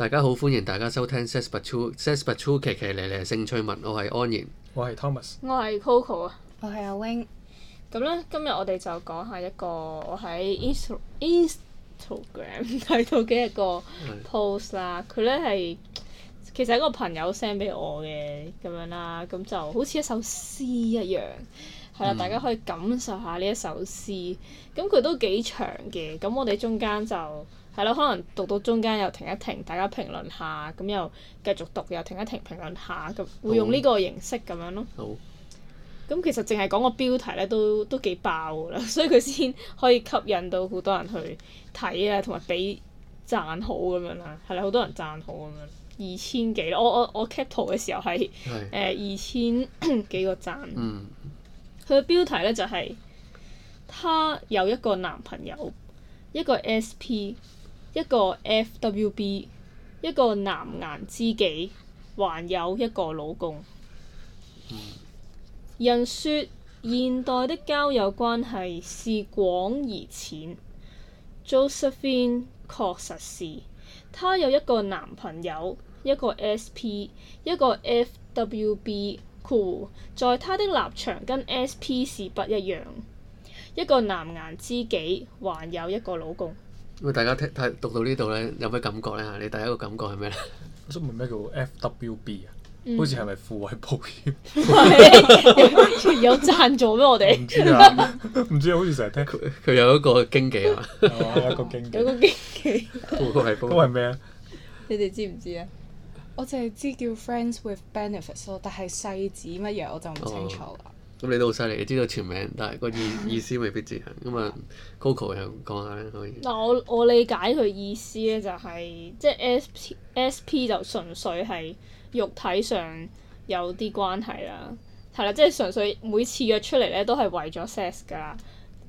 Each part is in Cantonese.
大家好，歡迎大家收聽 Says But True，Says But True，奇奇咧咧性趣聞，我係安然，我係 Thomas，我係 Coco 啊，我係阿 wing。咁咧，今日我哋就講下一個我喺 inst Instagram 睇 到嘅一個 post 啦。佢咧係其實一個朋友 send 俾我嘅咁樣啦，咁就好似一首詩一樣，係啦，大家可以感受下呢一首詩。咁佢、mm hmm. 都幾長嘅，咁我哋中間就。係咯，可能讀到中間又停一停，大家評論下咁，又繼續讀，又停一停評論下咁，會用呢個形式咁樣咯。好咁、嗯，其實淨係講個標題咧，都都幾爆㗎啦，所以佢先可以吸引到好多人去睇啊，同埋俾贊好咁樣啦。係啦，好多人贊好咁樣，二千幾。我我我 cap 圖嘅時候係誒是、呃、二千幾個贊。佢嘅、嗯、標題咧就係、是、他有一個男朋友，一個 S.P。一個 F.W.B. 一個藍顏知己，還有一個老公。嗯、人說現代的交友關係是廣而淺，Josephine 確實是。她有一個男朋友，一個 S.P. 一個 F.W.B. cool，在她的立場跟 S.P. 是不一樣。一個藍顏知己，還有一個老公。大家聽睇讀到呢度咧，有咩感覺咧？嚇，你第一個感覺係咩咧？我唔明咩叫 FWB 啊？好似係咪富衛保險？有贊助咩？我哋唔知啊，唔知。好似成日聽佢，佢有一個經紀啊， 哦、一紀有一個經，有個經紀。都係都係咩啊？你哋知唔知啊？我淨係知叫 Friends with Benefits 咯，但係細字乜嘢我就唔清楚啦。哦。咁你都好犀利，你知道全名，但係個意意思未必字眼。咁啊，Coco 又講下咧可以。嗱，我我理解佢意思咧就係、是，即係 S P S P 就純粹係肉體上有啲關係啦，係啦，即、就、係、是、純粹每次約出嚟咧都係為咗 sex 㗎，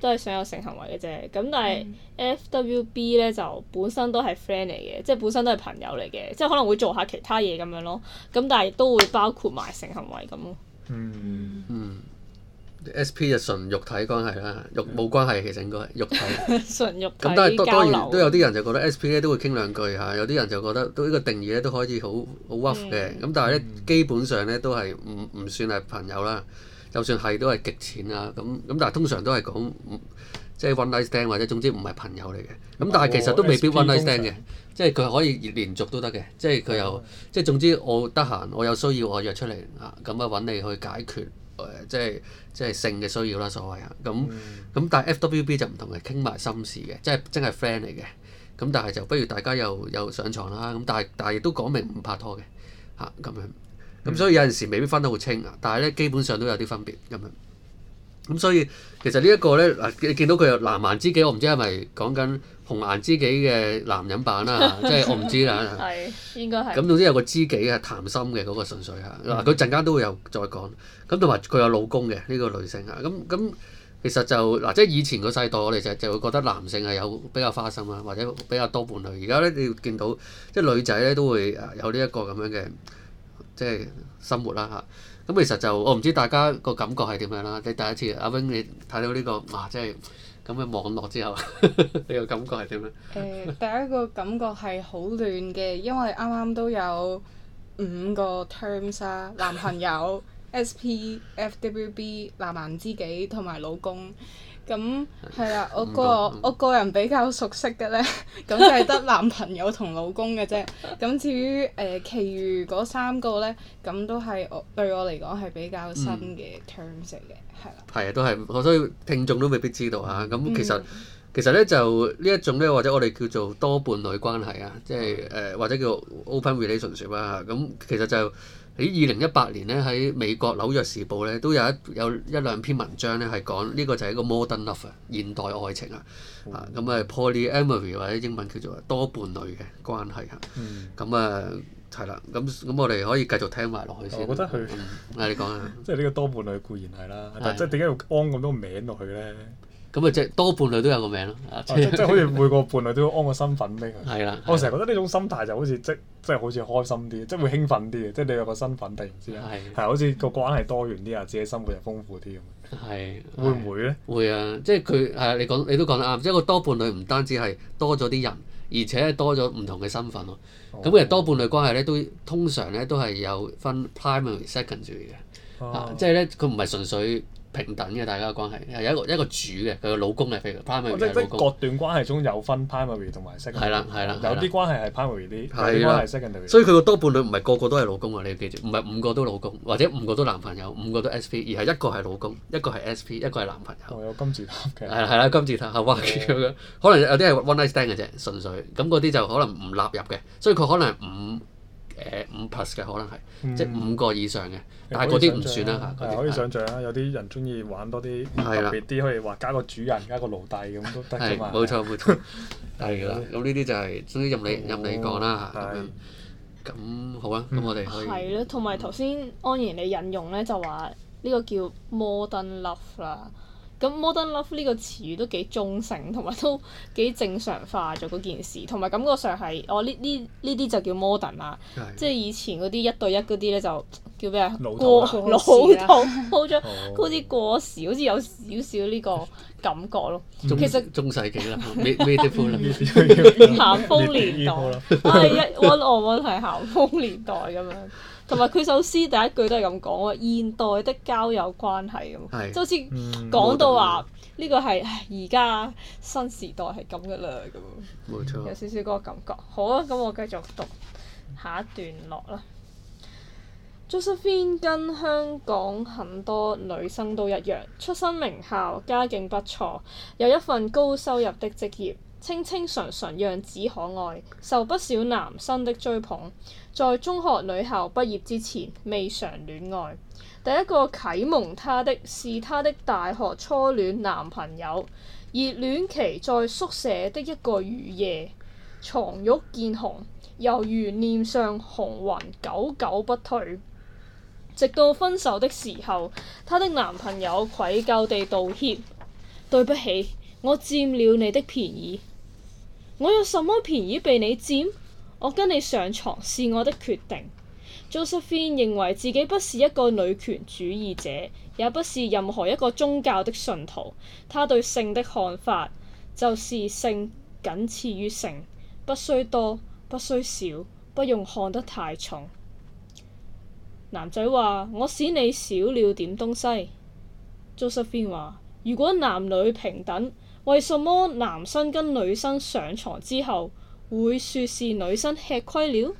都係想有性行為嘅啫。咁但係 F W B 咧就本身都係 friend 嚟嘅，嗯、即係本身都係朋友嚟嘅，即係可能會做下其他嘢咁樣咯。咁但係都會包括埋性行為咁、嗯。嗯嗯。S.P. 就純肉體關係啦，肉冇關係其實應該係肉體。 純肉體交流。咁但係當當然都有啲人就覺得 S.P. 咧都會傾兩句嚇，有啲人就覺得都呢、這個定義咧都可以好好 w 嘅，咁、mm. 但係咧基本上咧都係唔唔算係朋友啦，就算係都係極淺啦，咁咁但係通常都係講即係 one night stand 或者總之唔係朋友嚟嘅，咁但係其實都未必 one night stand 嘅，吧即係佢可以連續都得嘅，吧即係佢又即係總之我得閒我有需要我約出嚟啊，咁啊揾你去解決。誒，即係即係性嘅需要啦，所謂啊，咁咁、mm. 但係 FWB 就唔同嘅，傾埋心事嘅，即係真係 friend 嚟嘅，咁但係就不如大家又又上床啦，咁但係但係亦都講明唔拍拖嘅，嚇、啊、咁樣，咁所以有陣時未必分得好清啊，但係咧基本上都有啲分別咁樣，咁所以其實呢一個咧嗱，你見到佢有藍顏知己，我唔知係咪講緊。紅顏知己嘅男人版啦， 即係我唔知啦。係 應該係咁，總之有個知己係談心嘅嗰、那個純粹嚇。嗱、嗯，佢陣間都會有再講。咁同埋佢有老公嘅呢、這個女性啊。咁咁其實就嗱，即係以前個世代我哋就就會覺得男性係有比較花心啦，或者比較多伴侶。而家咧你要見到即係女仔咧都會有呢一個咁樣嘅即係生活啦嚇。咁其實就我唔知大家個感覺係點樣啦。你第一次阿 Ben 你睇到呢、這個哇、啊，即係～咁嘅網絡之後， 你個感覺係點樣？誒、呃，第一個感覺係好亂嘅，因為啱啱都有五個 terms 啊，男朋友、SP、FWB、藍顏知己同埋老公。咁係啦，我個，個我個人比較熟悉嘅咧，咁、嗯、 就係得男朋友同老公嘅啫。咁至於誒、呃，其餘嗰三個咧，咁都係我對我嚟講係比較新嘅 terms 嚟嘅。嗯係啊，都係，我所以聽眾都未必知道嚇、啊。咁、啊、其實其實咧就呢一種咧，或者我哋叫做多伴侶關係啊，即係誒、呃、或者叫 open relationship 啦、啊。咁、啊、其實就喺二零一八年咧，喺美國紐約時報咧都有一有一兩篇文章咧係講呢個就係一個 modern love、啊、現代愛情啊，啊咁啊 polyamory 或者英文叫做多伴侶嘅關係啊，咁啊。啊。係啦，咁咁我哋可以繼續聽埋落去先。我覺得佢，你講啊，即係呢個多伴侶固然係啦，但即係點解要安咁多名落去咧？咁啊，即係多伴侶都有個名咯，即係好似每個伴侶都安個身份俾佢。係啦。我成日覺得呢種心態就好似即即係好似開心啲，即係會興奮啲，即係你有個身份定唔知係好似個關係多元啲啊，自己生活又豐富啲咁。係會唔會咧？會啊，即係佢係你講你都講得啱，即係個多伴侶唔單止係多咗啲人。而且多咗唔同嘅身份咯、哦，咁其實多伴侶關係咧都通常咧都係有分 primary secondary 嘅，即係咧佢唔係純粹。平等嘅大家嘅關係有一個一個主嘅佢嘅老公嘅 primary，即係即係各段關係中有分 primary 同埋 secondary。係啦係啦，有啲關係係 primary 啲的，有啲關係係 secondary。所以佢個多伴侶唔係個個都係老公啊！你要記住，唔係五個都老公，或者五個都男朋友，五個都 SP，而係一個係老公，一個係 SP，一個係男朋友。哦、有金字塔嘅、啊。係啦，金字塔係、哦、 可能有啲係 one night stand 嘅啫，純粹咁嗰啲就可能唔納入嘅，所以佢可能五。誒五 plus 嘅可能係，即係五個以上嘅，但係嗰啲唔算啦嚇。可以想象啦，有啲人中意玩多啲特別啲，可以話加個主人，加個奴隸咁都得嘅。冇錯冇錯，係啦。咁呢啲就係，總之任你任你講啦嚇。咁好啦，咁我哋可以。係咯，同埋頭先安然你引用咧就話呢個叫 Modern Love 啦。咁 modern love 呢個詞語都幾中性，同埋都幾正常化咗嗰件事，同埋感覺上係，哦呢呢呢啲就叫 modern 啦，即係以前嗰啲一對一嗰啲咧就叫咩啊？過老土，啊， 好似過時，好似有少少呢個感覺咯。嗯、其實中世紀啦，咩咩的歡啦，咸豐年代，係一 one on one 係咸豐年代咁樣。同埋佢首詩第一句都係咁講啊：「現代的交友關係咁，是就好似講到話呢個係而家新時代係咁嘅啦。咁冇錯，有少少嗰個感覺。好啊，咁我繼續讀下一段落啦。Josephine 跟香港很多女生都一樣，出身名校，家境不錯，有一份高收入的職業。清清純純，樣子可愛，受不少男生的追捧。在中學女校畢業之前，未嘗戀愛。第一個啟蒙她的是她的大學初戀男朋友。熱戀期在宿舍的一個雨夜，牀褥見紅，猶如臉上紅暈，久久不退。直到分手的時候，她的男朋友愧疚地道歉：對不起，我佔了你的便宜。我有什麼便宜被你佔？我跟你上床是我的決定。Josephine 認為自己不是一個女權主義者，也不是任何一個宗教的信徒。她對性的看法就是性僅次於性，不需多，不需少，不用看得太重。男仔話：我使你少了點東西。Josephine 話：如果男女平等。為什麼男生跟女生上床之後會說是女生吃虧了？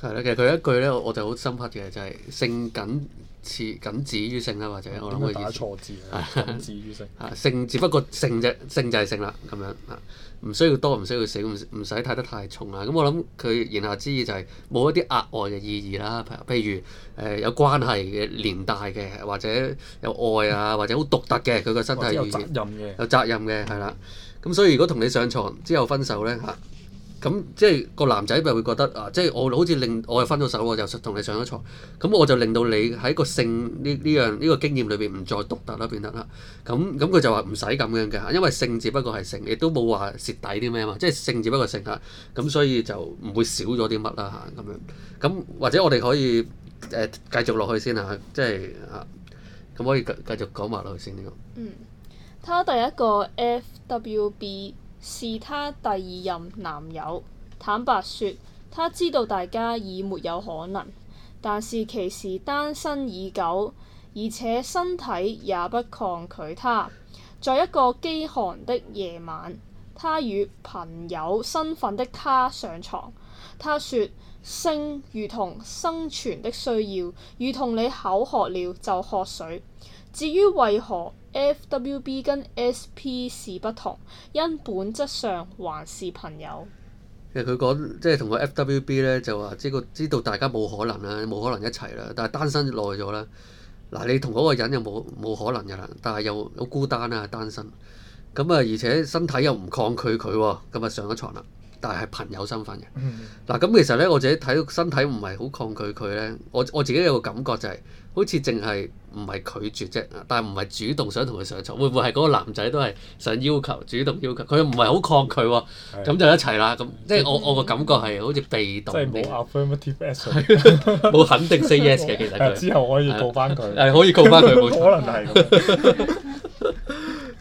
係啦，其實佢一句咧，我就好深刻嘅，就係、是、性僅止僅止於性啦，或者我諗佢打錯字，僅止於性啊，性只不過性啫，性就係性啦，咁樣啊。唔需要多，唔需要少，唔唔使睇得太重啦！咁我諗佢言下之意就係冇一啲額外嘅意義啦。譬如、呃、有關係嘅連帶嘅，或者有愛啊，或者好獨特嘅佢個身體，有責任嘅，有責任嘅係啦。咁所以如果同你上床之後分手呢？嚇。咁即係個男仔咪會覺得啊，即係我好似令我哋分咗手我就同你上咗床，咁我就令到你喺個性呢呢樣呢個經驗裏邊唔再獨特啦，變得啦。咁咁佢就話唔使咁樣嘅，因為性只不過係性，亦都冇話蝕底啲咩啊嘛，即係性只不過性嚇，咁所以就唔會少咗啲乜啦嚇咁樣。咁或者我哋可以誒繼續落去先嚇，即係咁可以繼繼續講落去先咯。嗯，睇第一個 F.W.B。是他第二任男友。坦白說，他知道大家已沒有可能，但是其時單身已久，而且身體也不抗拒他。在一個飢寒的夜晚，他與朋友身份的他上床。他說，性如同生存的需要，如同你口渴了就喝水。至於為何 F.W.B. 跟 S.P. 是不同，因本質上還是朋友。其實佢講即係同個 F.W.B. 咧就話知個知道大家冇可能啦，冇可能一齊啦。但係單身耐咗啦，嗱，你同嗰個人又冇冇可能嘅啦。但係又好孤單啊，單身咁啊，而且身體又唔抗拒佢，咁啊上咗床啦。但係係朋友身份嘅。嗱，咁、嗯、其實咧，我自己睇到身體唔係好抗拒佢咧，我我自己有個感覺就係、是、好似淨係。唔係拒絕啫，但係唔係主動想同佢上牀，會唔會係嗰個男仔都係想要求主動要求？佢唔係好抗拒喎，咁的就一齊啦。咁即係我、嗯、我個感覺係好似被動，冇 affirmative yes，冇 肯定 say yes 嘅 其實。係 之後可以告翻佢。係 可以告翻佢冇錯。 可能係。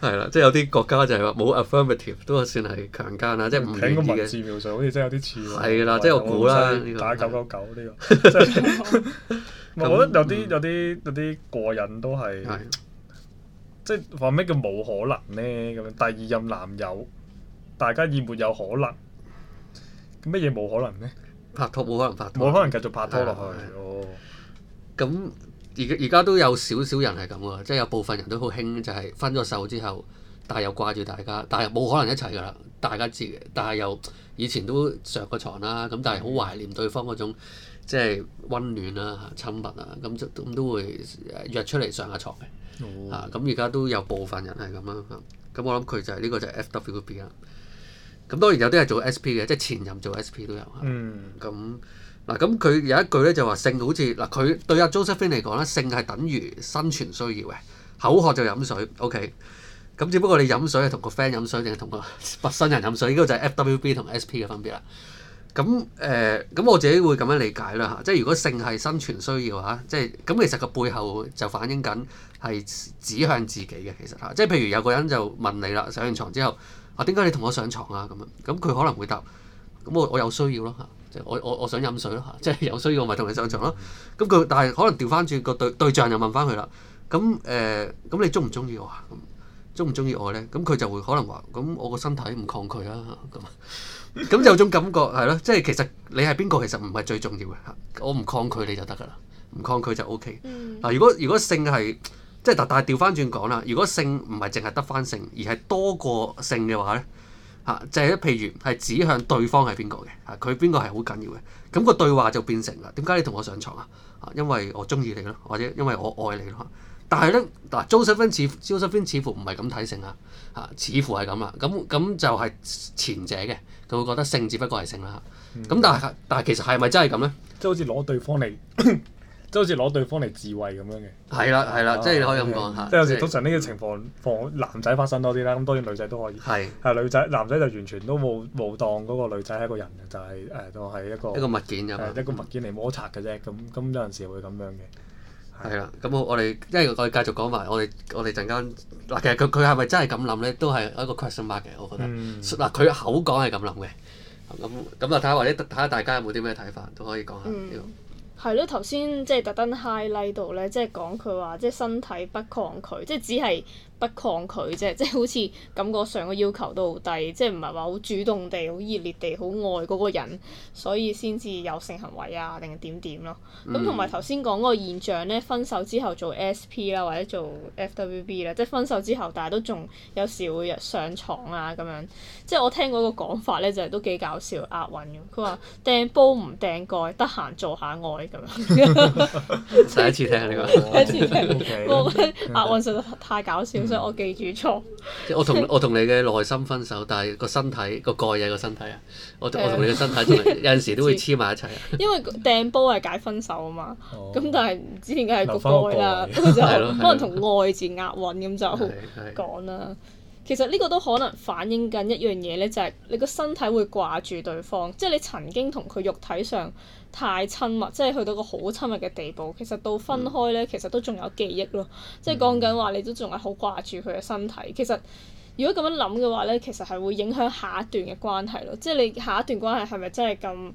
係啦，即係有啲國家就係話冇 affirmative 都算係強姦啦，即係唔認字面上好似真係有啲似。係啦，即係我估啦。打九九九呢個，即係我覺得有啲有啲有啲過癮都係，即係話咩叫冇可能呢？咁樣第二任男友，大家已沒有可能，乜嘢冇可能呢？拍拖冇可能拍拖，冇可能繼續拍拖落去。哦，咁而而家都有少少人係咁喎，即係有部分人都好興就係、是、分咗手之後，但係又掛住大家，但係冇可能一齊噶啦，大家知嘅。但係又以前都上過床啦，咁但係好懷念對方嗰種即係溫暖啊、親密啊，咁咁都會約出嚟上下床。嘅、哦。啊，咁而家都有部分人係咁啦，嚇、啊。咁我諗佢就係、是、呢、這個就係 F.W.B. 啦。咁、啊、當然有啲係做 S.P. 嘅，即係前任做 S.P. 都有嚇。咁、啊。嗯嗯嗱，咁佢有一句咧就話性好似嗱，佢對阿 Josephine 嚟講咧，性係等於生存需要嘅，口渴就飲水，OK。咁只不過你飲水係同個 friend 飲水定係同個陌生人飲水，呢個就係 FWB 同 SP 嘅分別啦。咁誒，咁、呃、我自己會咁樣理解啦嚇，即係如果性係生存需要嚇，即係咁其實個背後就反映緊係指向自己嘅，其實嚇。即係譬如有個人就問你啦，上完床之後啊，點解你同我上床啊？咁樣咁佢可能會答：咁我我有需要咯嚇。我我我想飲水咯，即 係有需要我咪同你上床咯。咁佢、嗯、但係可能調翻轉個對對象又問翻佢啦。咁誒咁你中唔中意我啊？中唔中意我咧？咁佢就會可能話：咁我個身體唔抗拒啦、啊。咁 咁就有種感覺係咯，即係、 就是、其實你係邊個其實唔係最重要嘅嚇。我唔抗拒你就得噶啦，唔抗拒就 O、OK, K、嗯。嗱，如果如果性係即係但但係調翻轉講啦，如果性唔係淨係得翻性而係多過性嘅話咧？嚇、啊，就係、是、譬如係指向對方係邊個嘅，嚇佢邊個係好緊要嘅，咁、啊那個對話就變成啦，點解你同我上床啊？啊，因為我中意你咯、啊，或者因為我愛你咯。但係咧，嗱 Josephine 似 Josephine 似乎唔係咁睇性啊，嚇、啊，似乎係咁啦，咁、啊、咁、啊啊啊啊、就係、是、前者嘅，佢會覺得性只不過係性啦嚇。咁、啊啊嗯嗯啊、但係但係其實係咪真係咁咧？即係好似攞對方嚟。 都好似攞對方嚟自慰咁樣嘅。係啦，係啦，即係你可以咁講下，係，即係有時通常呢個情況，況男仔發生多啲啦，咁當然女仔都可以。係。係女仔，男仔就完全都冇冇當嗰個女仔係一個人就係、是、誒，當係一個一個物件啫，一個物件嚟摩擦嘅啫。咁咁有陣時會咁樣嘅。係啦，咁我哋因為我哋繼續講埋，我哋我哋陣間嗱，其實佢佢係咪真係咁諗咧？都係一個 question mark 嘅，我覺得。嗱、嗯，佢口講係咁諗嘅。咁咁啊，睇下或者睇下大家有冇啲咩睇法，都可以講下。嗯係咯，頭先即係特登 highlight 到咧，即係講佢話即係身體不抗拒，即係只係。不抗拒啫，即係好似感覺上個要求都好低，即係唔係話好主動地、好熱烈地、好愛嗰個人，所以先至有性行為啊，定係點點咯。咁同埋頭先講嗰個現象咧，分手之後做 SP 啦，或者做 FWB 啦，即係分手之後但係都仲有時會上床啊咁樣，即係我聽過一個講法咧，就係、是、都幾搞笑押韻嘅。佢話掟煲唔掟蓋得閒做下愛咁樣， 第一次聽呢、呢個，哦、第一次聽。我覺得押韻實在太搞笑。所以我記住錯， 我同我同你嘅內心分手，但係個，個身體個蓋嘅個身體啊，我我同你嘅身體有陣時都會黐埋一齊啊， 因為掟煲係解分手啊嘛，咁、哦、但係唔知點解係個蓋啦，蓋 就可能同愛字押韻咁就講啦。 其實呢個都可能反映緊一樣嘢咧，就係、是、你個身體會掛住對方，即係你曾經同佢肉體上太親密，即係去到個好親密嘅地步。其實到分開咧，嗯、其實都仲有記憶咯，即係講緊話你都仲係好掛住佢嘅身體。嗯、其實如果咁樣諗嘅話咧，其實係會影響下一段嘅關係咯。即係你下一段關係係咪真係咁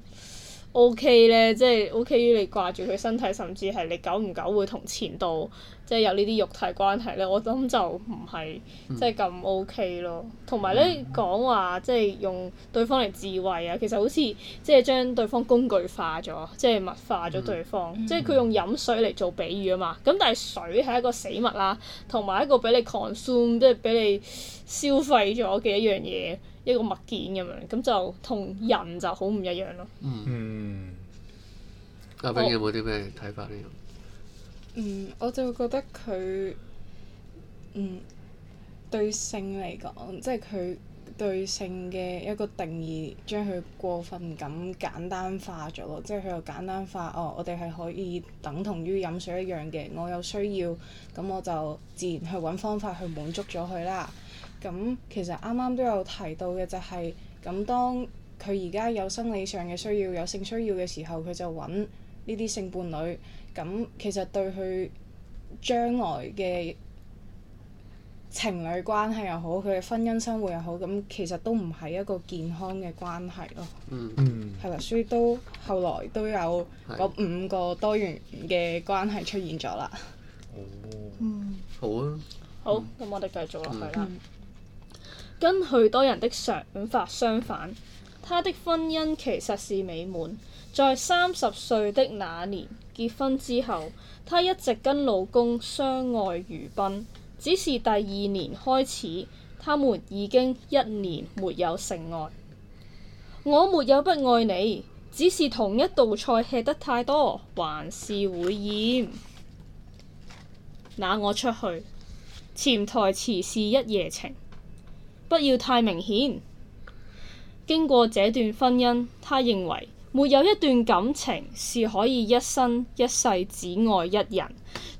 OK 咧？即係 OK 於你掛住佢身體，甚至係你久唔久會同前度。即係有呢啲肉體關係咧，我諗就唔係、嗯、即係咁 OK 咯。同埋咧，講話即係用對方嚟自慰啊，其實好似即係將對方工具化咗，即係物化咗對方。嗯、即係佢用飲水嚟做比喻啊嘛。咁但係水係一個死物啦，同埋一個俾你 consume，即係俾你消費咗嘅一樣嘢，一個物件咁樣。咁就同人就好唔一樣咯。嗯，嗯。阿炳有冇啲咩睇法呢？哦嗯，我就覺得佢，嗯，對性嚟講，即係佢對性嘅一個定義，將佢過分咁簡單化咗咯。即係佢又簡單化，哦，我哋係可以等同於飲水一樣嘅，我有需要，咁我就自然去揾方法去滿足咗佢啦。咁其實啱啱都有提到嘅就係、是，咁當佢而家有生理上嘅需要，有性需要嘅時候，佢就揾呢啲性伴侶。咁其實對佢將來嘅情侶關係又好，佢嘅婚姻生活又好，咁其實都唔係一個健康嘅關係咯。嗯，嗯，係啦，所以都後來都有嗰五個多元嘅關係出現咗啦。係嘅。嗯，好啊，好，咁我哋繼續落去啦。嗯，跟許多人的想法相反，他的婚姻其實是美滿，在三十歲的那年，結婚之後，她一直跟老公相愛如賓。只是第二年開始，他們已經一年沒有性愛。我沒有不愛你，只是同一道菜吃得太多，還是會厭。那我出去。潛台詞是一夜情，不要太明顯。經過這段婚姻，她認為。沒有一段感情是可以一生一世只愛一人。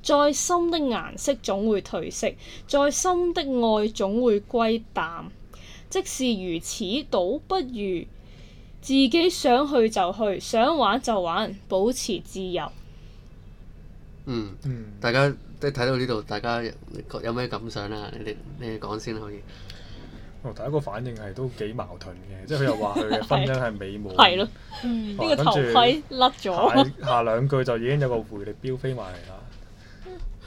再深的顏色總會褪色，再深的愛總會歸淡。即使如此，倒不如自己想去就去，想玩就玩，保持自由。嗯，大家都睇到呢度，大家有咩感想啦、啊？你你講先可以。哦，第一個反應係都幾矛盾嘅，即係佢又話佢嘅婚姻係美滿，跟住頭盔甩咗，下兩 句就已經有個回力標飛埋嚟啦。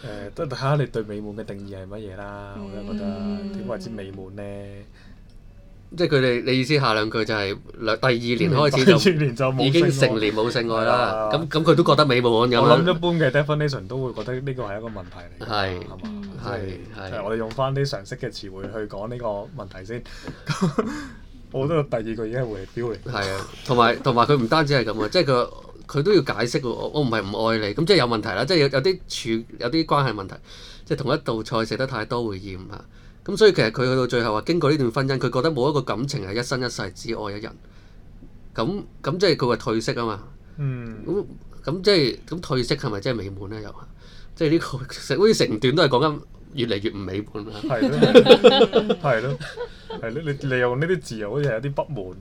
誒、呃，都睇下你對美滿嘅定義係乜嘢啦，我都覺得點為之美滿咧？即係佢哋，你意思下兩句就係第二年開始就已經成年冇性愛啦。咁咁佢都覺得美滿咁樣。我諗一般嘅 definition 都會覺得呢個係一個問題嚟，係嘛？即係我哋用翻啲常識嘅詞彙去講呢個問題先。 我覺得第二句已經係表嚟。係啊，同埋同埋佢唔單止係咁嘅， 即係佢佢都要解釋喎。我唔係唔愛你，咁即係有問題啦。即係有啲處有啲關係問題，即係同一道菜食得太多會厭啊。咁、嗯、所以其實佢去到最後話，經過呢段婚姻，佢覺得冇一個感情係一生一世只愛一人。咁咁即係佢話褪色啊嘛。嗯。咁咁即係咁褪色係咪真係美滿咧？又即係呢個好似成段都係講緊越嚟越唔美滿啦。 係咯，係咯，係咯。你你用呢啲字又好似有啲不滿。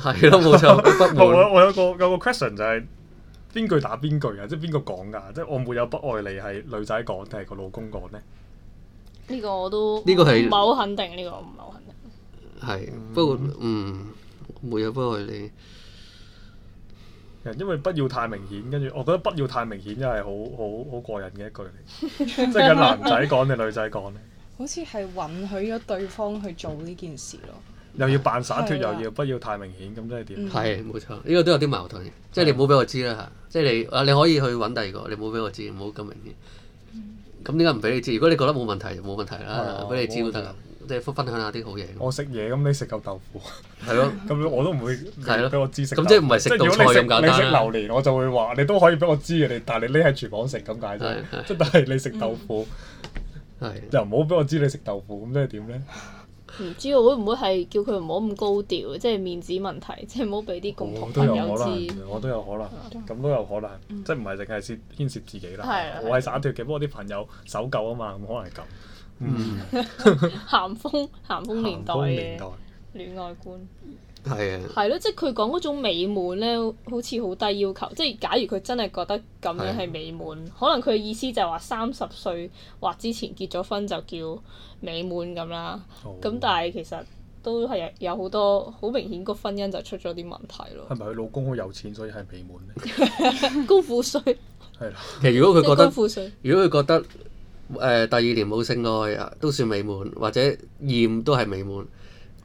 係咯，冇錯。不滿。 我有，我有個有個 question 就係、是、邊句打邊句啊？即係邊個講㗎？即係我冇有不愛你係女仔講定係個老公講咧？呢個我都呢個係唔係好肯定，呢個唔係好肯定。係是，嗯、不過嗯，沒有不過你，因為不要太明顯，跟住我覺得不要太明顯真係好好好過癮嘅一句嚟，即係個男仔講定女仔講咧？好似係允許咗對方去做呢件事咯、嗯。又要扮灑脱，了又要不要太明顯，咁真係點？係冇錯，呢、這個都有啲矛盾。即係的你唔好俾我知啦吓，即係你啊，你可以去揾第二個，你唔好俾我知，唔好咁明顯。嗯。咁點解唔俾你知？如果你覺得冇問題，就冇問題啦，俾你知都得。即係分享下啲好嘢。我食嘢咁，你食嚿豆腐。係咯的，咁樣 我都唔會係咯，俾我知食。咁即係唔係食到菜咁簡單？你食榴蓮，我就會話你都可以俾我知嘅。你但係你匿喺廚房食咁解啫。的即但係你食豆腐，係又唔好俾我知你食豆腐咁，即係點咧？唔知喎，會唔會係叫佢唔好咁高調，即係面子問題，即係唔好俾啲共同朋友知。我都有可能，我都有可能，咁都有可能，嗯、即係唔係淨係涉牽涉自己啦。嗯、我係灑脱嘅，不過啲朋友守舊啊嘛，咁可能係咁。咸豐鹹豐年代嘅戀愛觀。係啊，係咯，即係佢講嗰種美滿咧，好似好低要求。即、就、係、是、假如佢真係覺得咁樣係美滿，啊、可能佢意思就話三十歲或之前結咗婚就叫美滿咁啦。咁、哦、但係其實都係有好多好明顯個婚姻就出咗啲問題咯。係咪佢老公好有錢所以係美滿咧？ 高富帥係其實如果佢覺得，如果佢覺得誒、呃、第二年冇性愛啊，都算美滿，或者厭都係美滿。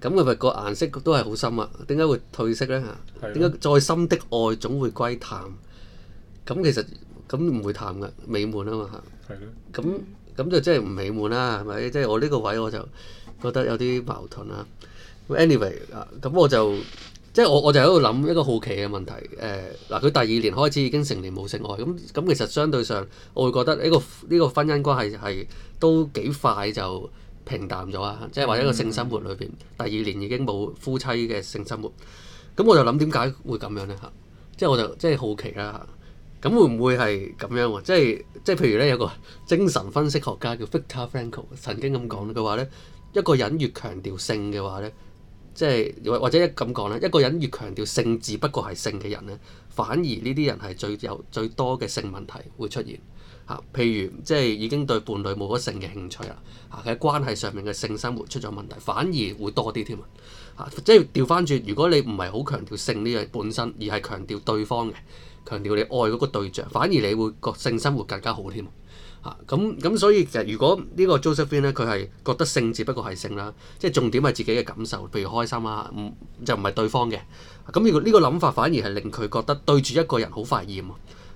咁係咪個顏色都係好深啊？點解會褪色咧？嚇，點解再深的愛總會歸淡？咁其實咁唔會淡噶，美滿啊嘛嚇。係咯。咁咁就真係唔美滿啦，係咪？即係我呢個位我就覺得有啲矛盾啦。咁 Anyway 啊，咁我就即係我我就喺度諗一個好奇嘅問題。誒嗱，佢第二年開始已經成年冇性愛，咁咁其實相對上我會覺得呢個呢個婚姻關係係都幾快就～平淡咗啊，即係或者一個性生活裏邊，嗯、第二年已經冇夫妻嘅性生活，咁我就諗點解會咁樣呢？嚇？即係我就即係、就是、好奇啦。咁會唔會係咁樣即係即係譬如咧，有個精神分析學家叫 Viktor Frankl 曾經咁講佢話呢，一個人越強調性嘅話呢，即、就、係、是、或者一咁講呢，一個人越強調性，只不過係性嘅人呢，反而呢啲人係最有最多嘅性問題會出現。譬如即係已經對伴侶冇咗性嘅興趣啦，佢、啊、喺關係上面嘅性生活出咗問題，反而會多啲添啊！嚇，即係調翻轉，如果你唔係好強調性呢樣本身，而係強調對方嘅，強調你愛嗰個對象，反而你會覺得性生活更加好添，咁咁所以其實如果個呢個 Josephine 咧，佢係覺得性只不過係性啦、啊，即係重點係自己嘅感受，譬如開心啦、啊，唔、嗯、就唔係對方嘅。咁、啊、呢個呢個諗法反而係令佢覺得對住一個人好煩厭。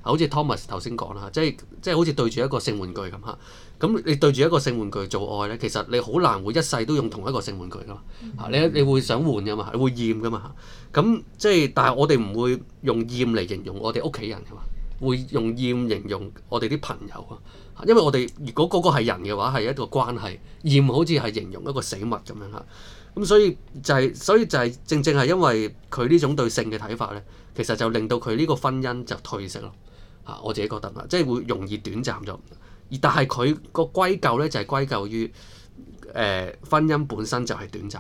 好似 Thomas 頭先講啦，即係即係好似對住一個性玩具咁嚇，咁你對住一個性玩具做愛咧，其實你好難會一世都用同一個性玩具噶嘛嚇，你你會想換噶嘛，你會厭噶嘛嚇，咁、嗯、即係但係我哋唔會用厭嚟形容我哋屋企人嘅嘛，會用厭形容我哋啲朋友啊，因為我哋如果嗰個係人嘅話，係一個關係，厭好似係形容一個死物咁樣嚇，咁、啊嗯、所以就係、是、所以就係正正係因為佢呢種對性嘅睇法咧，其實就令到佢呢個婚姻就褪色咯。我自己覺得啊，即係會容易短暫咗，而但係佢個歸咎呢，就係、是、歸咎於誒、呃、婚姻本身就係短暫，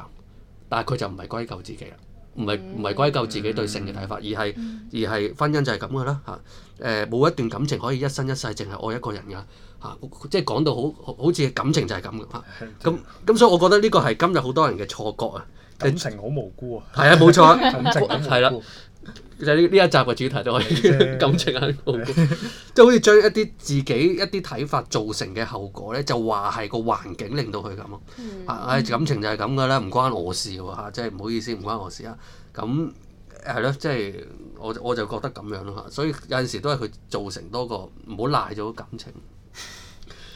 但係佢就唔係歸咎自己啦，唔係唔係歸咎自己對性嘅睇法，而係而係婚姻就係咁噶啦嚇，誒、呃、冇一段感情可以一生一世淨係愛一個人噶嚇、啊，即係講到好好似感情就係咁嘅。咁、啊、咁所以我覺得呢個係今日好多人嘅錯覺啊，感情好無辜啊，係啊冇錯，感情，係啦。就係呢一集嘅主題就可以的， 感情啊的，即係 好似將一啲自己一啲睇法造成嘅後果咧，就話係個環境令到佢咁咯。唉、嗯啊，感情就係咁噶啦，唔關我事喎嚇，即係唔好意思，唔關我事啊。咁係咯，即係、就係、我我就覺得咁樣咯嚇、啊，所以有陣時都係佢造成多過，唔好賴咗感情。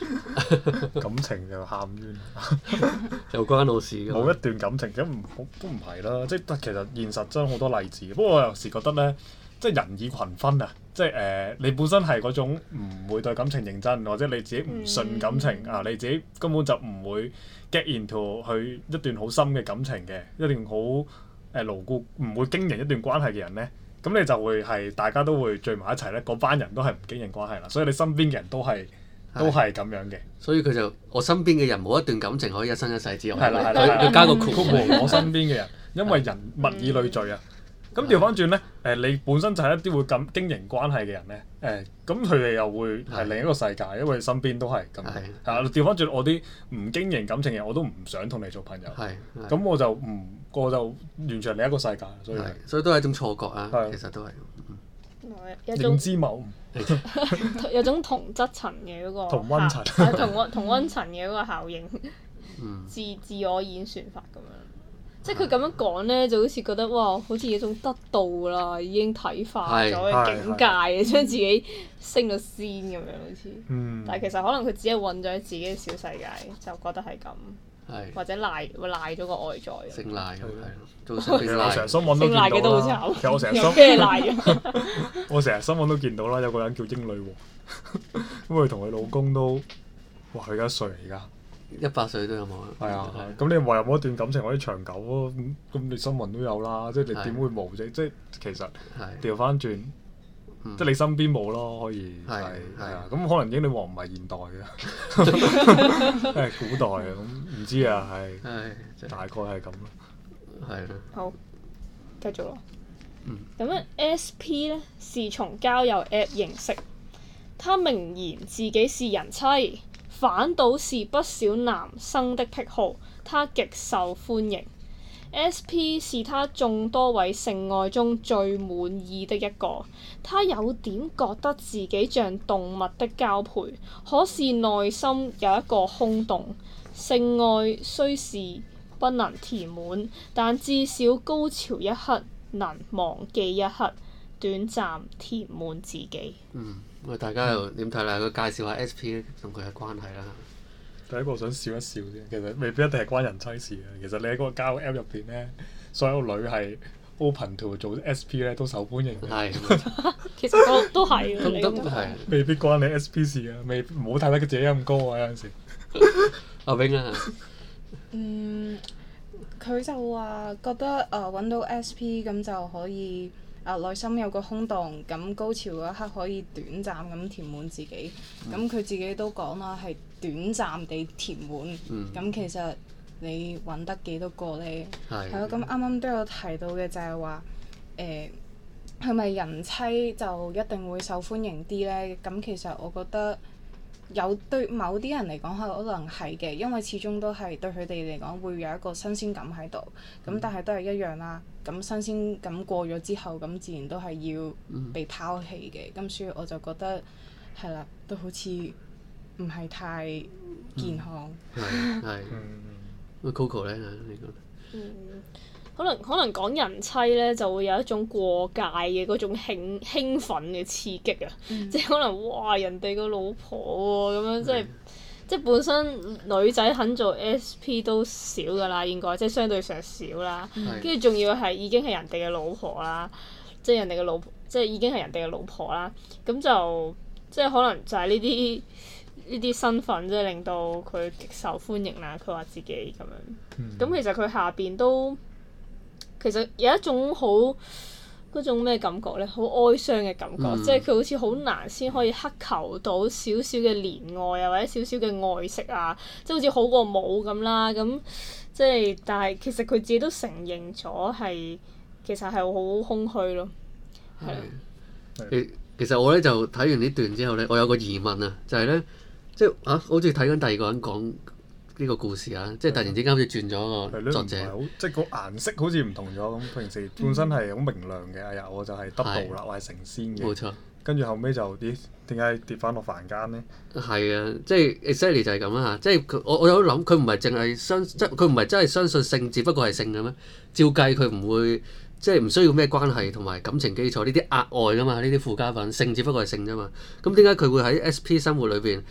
感情就喊冤，又關老事冇一段感情，咁唔都唔係啦。即係其實現實真好多例子。不過我有時覺得呢，即係人以群分啊。即係誒、呃，你本身係嗰種唔會對感情認真，或者你自己唔信感情、嗯、啊，你自己根本就唔會 get into 去一段好深嘅感情嘅，一段好誒、呃、牢固，唔會經營一段關係嘅人呢，咁你就會係大家都會聚埋一齊呢嗰班人都係唔經營關係啦。所以你身邊嘅人都係。都係咁樣嘅，所以佢就我身邊嘅人冇一段感情可以一生一世只有。係啦係啦，要加個括弧。我身邊嘅人，因為人物以類聚啊。咁調翻轉咧，誒，你本身就係一啲會咁經營關係嘅人咧，誒，咁佢哋又會係另一個世界，因為身邊都係咁。係啊，調翻轉我啲唔經營感情嘅人，我都唔想同你做朋友。係，咁我就唔，我就完全係另一個世界。所以，所以都係一種錯覺啊，其實都係。係一種。 有種同質層嘅嗰個，同溫溫層， 同溫同溫層嘅嗰個效應，嗯、自自我演算法咁樣。即係佢咁樣講呢，就好似覺得哇，好似有種得道啦，已經體化咗嘅境界，將自己升到仙咁樣，好似。嗯、但係其實可能佢只係混咗喺自己嘅小世界，就覺得係咁。或者賴賴咗個外在，姓賴咁樣，成日成日新聞都見到啦。有咩賴？我成日新聞都見到啦，有個人叫英女皇，咁佢同佢老公都哇，佢幾多歲啊？而家一百歲都有冇？係啊，咁你話有冇一段感情可以長久咯？咁你新聞都有啦，即係你點會冇啫？即係其實調翻轉。即係你身邊冇咯，可以係，係啊，咁可能英女王唔係現代嘅，係古代啊，咁唔知啊，係，大概係咁咯，係咯。好，繼續咯。嗯，咁啊，SP 咧是從交友 App 認識，他明言自己是人妻，反倒是不少男生的癖好，他極受歡迎。S.P. 是他眾多位性愛中最滿意的一個，他有點覺得自己像動物的交配，可是內心有一個空洞。性愛雖是不能填滿，但至少高潮一刻能忘記一刻，短暫填滿自己。嗯，咁大家又點睇咧？佢介紹下 S.P. 同佢嘅關係啦。我喺度想笑一笑啫，其實未必一定係關人妻事啊。其實你喺嗰個交友 App 入邊咧，所有女係 open to 做 SP 咧，都受歡迎嘅。其實都係，都係未必關你 SP 事啊。未唔好太得佢自己咁高啊！有陣時，阿 w 啊，嗯，佢、 嗯、就話覺得啊，揾、呃、到 SP 咁就可以啊、呃，內心有個空洞咁高潮嗰一刻可以短暫咁填滿自己。咁佢自己都講啦，係。短暫地填滿，咁、嗯、其實你揾得幾多個呢？係咯的，咁啱啱都有提到嘅就係話，誒係咪人妻就一定會受歡迎啲呢？咁其實我覺得有對某啲人嚟講可能係嘅，因為始終都係對佢哋嚟講會有一個新鮮感喺度。咁但係都係一樣啦。咁新鮮感過咗之後，咁自然都係要被拋棄嘅。咁、嗯、所以我就覺得係啦，都好似～唔係太健康、嗯。係係。Coco 咧，你覺得。嗯，可能可能講人妻咧，就會有一種過界嘅嗰種興興奮嘅刺激啊！即係、嗯、可能哇，人哋嘅老婆喎，咁樣即係、啊、即係本身女仔肯做 S.P 都少㗎啦，應該即係相對上少啦。跟住仲要係已經係人哋嘅老婆啦，啊太太就是、time, 即係人哋嘅老婆，即係已經係人哋嘅老婆啦。咁就即係可能就係呢啲。呢啲身份即係令到佢極受歡迎啦。佢話自己咁樣，咁、嗯、其實佢下邊都其實有一種好，嗰種咩感覺咧？好哀傷嘅感覺，嗯、即係佢好似好難先可以乞求到少少嘅憐愛啊，或者少少嘅愛惜啊，即係好似好過冇咁啦。咁即係但係其實佢自己都承認咗係其實係好空虛咯。係。其的其實我咧就睇完呢段之後咧，我有個疑問啊，就係、是、咧。即係啊，好似睇緊第二個人講呢個故事啊！即係突然之間好似轉咗個作者，嗯嗯、即係個顏色好似唔同咗咁。平時本身係好明亮嘅，哎呀，我就係得道啦，或係成仙嘅，冇錯。跟住後尾就啲，點解跌翻落凡間咧？係啊，即係 exactly 就係咁啊。即係我我有諗，佢唔係淨係相即係佢唔係真係相信性，只不過係性嘅咩？照計佢唔會即係唔需要咩關係同埋感情基礎呢啲額外噶嘛？呢啲附加品，性只不過係性啫嘛。咁點解佢會喺 S. P. 生活裏邊？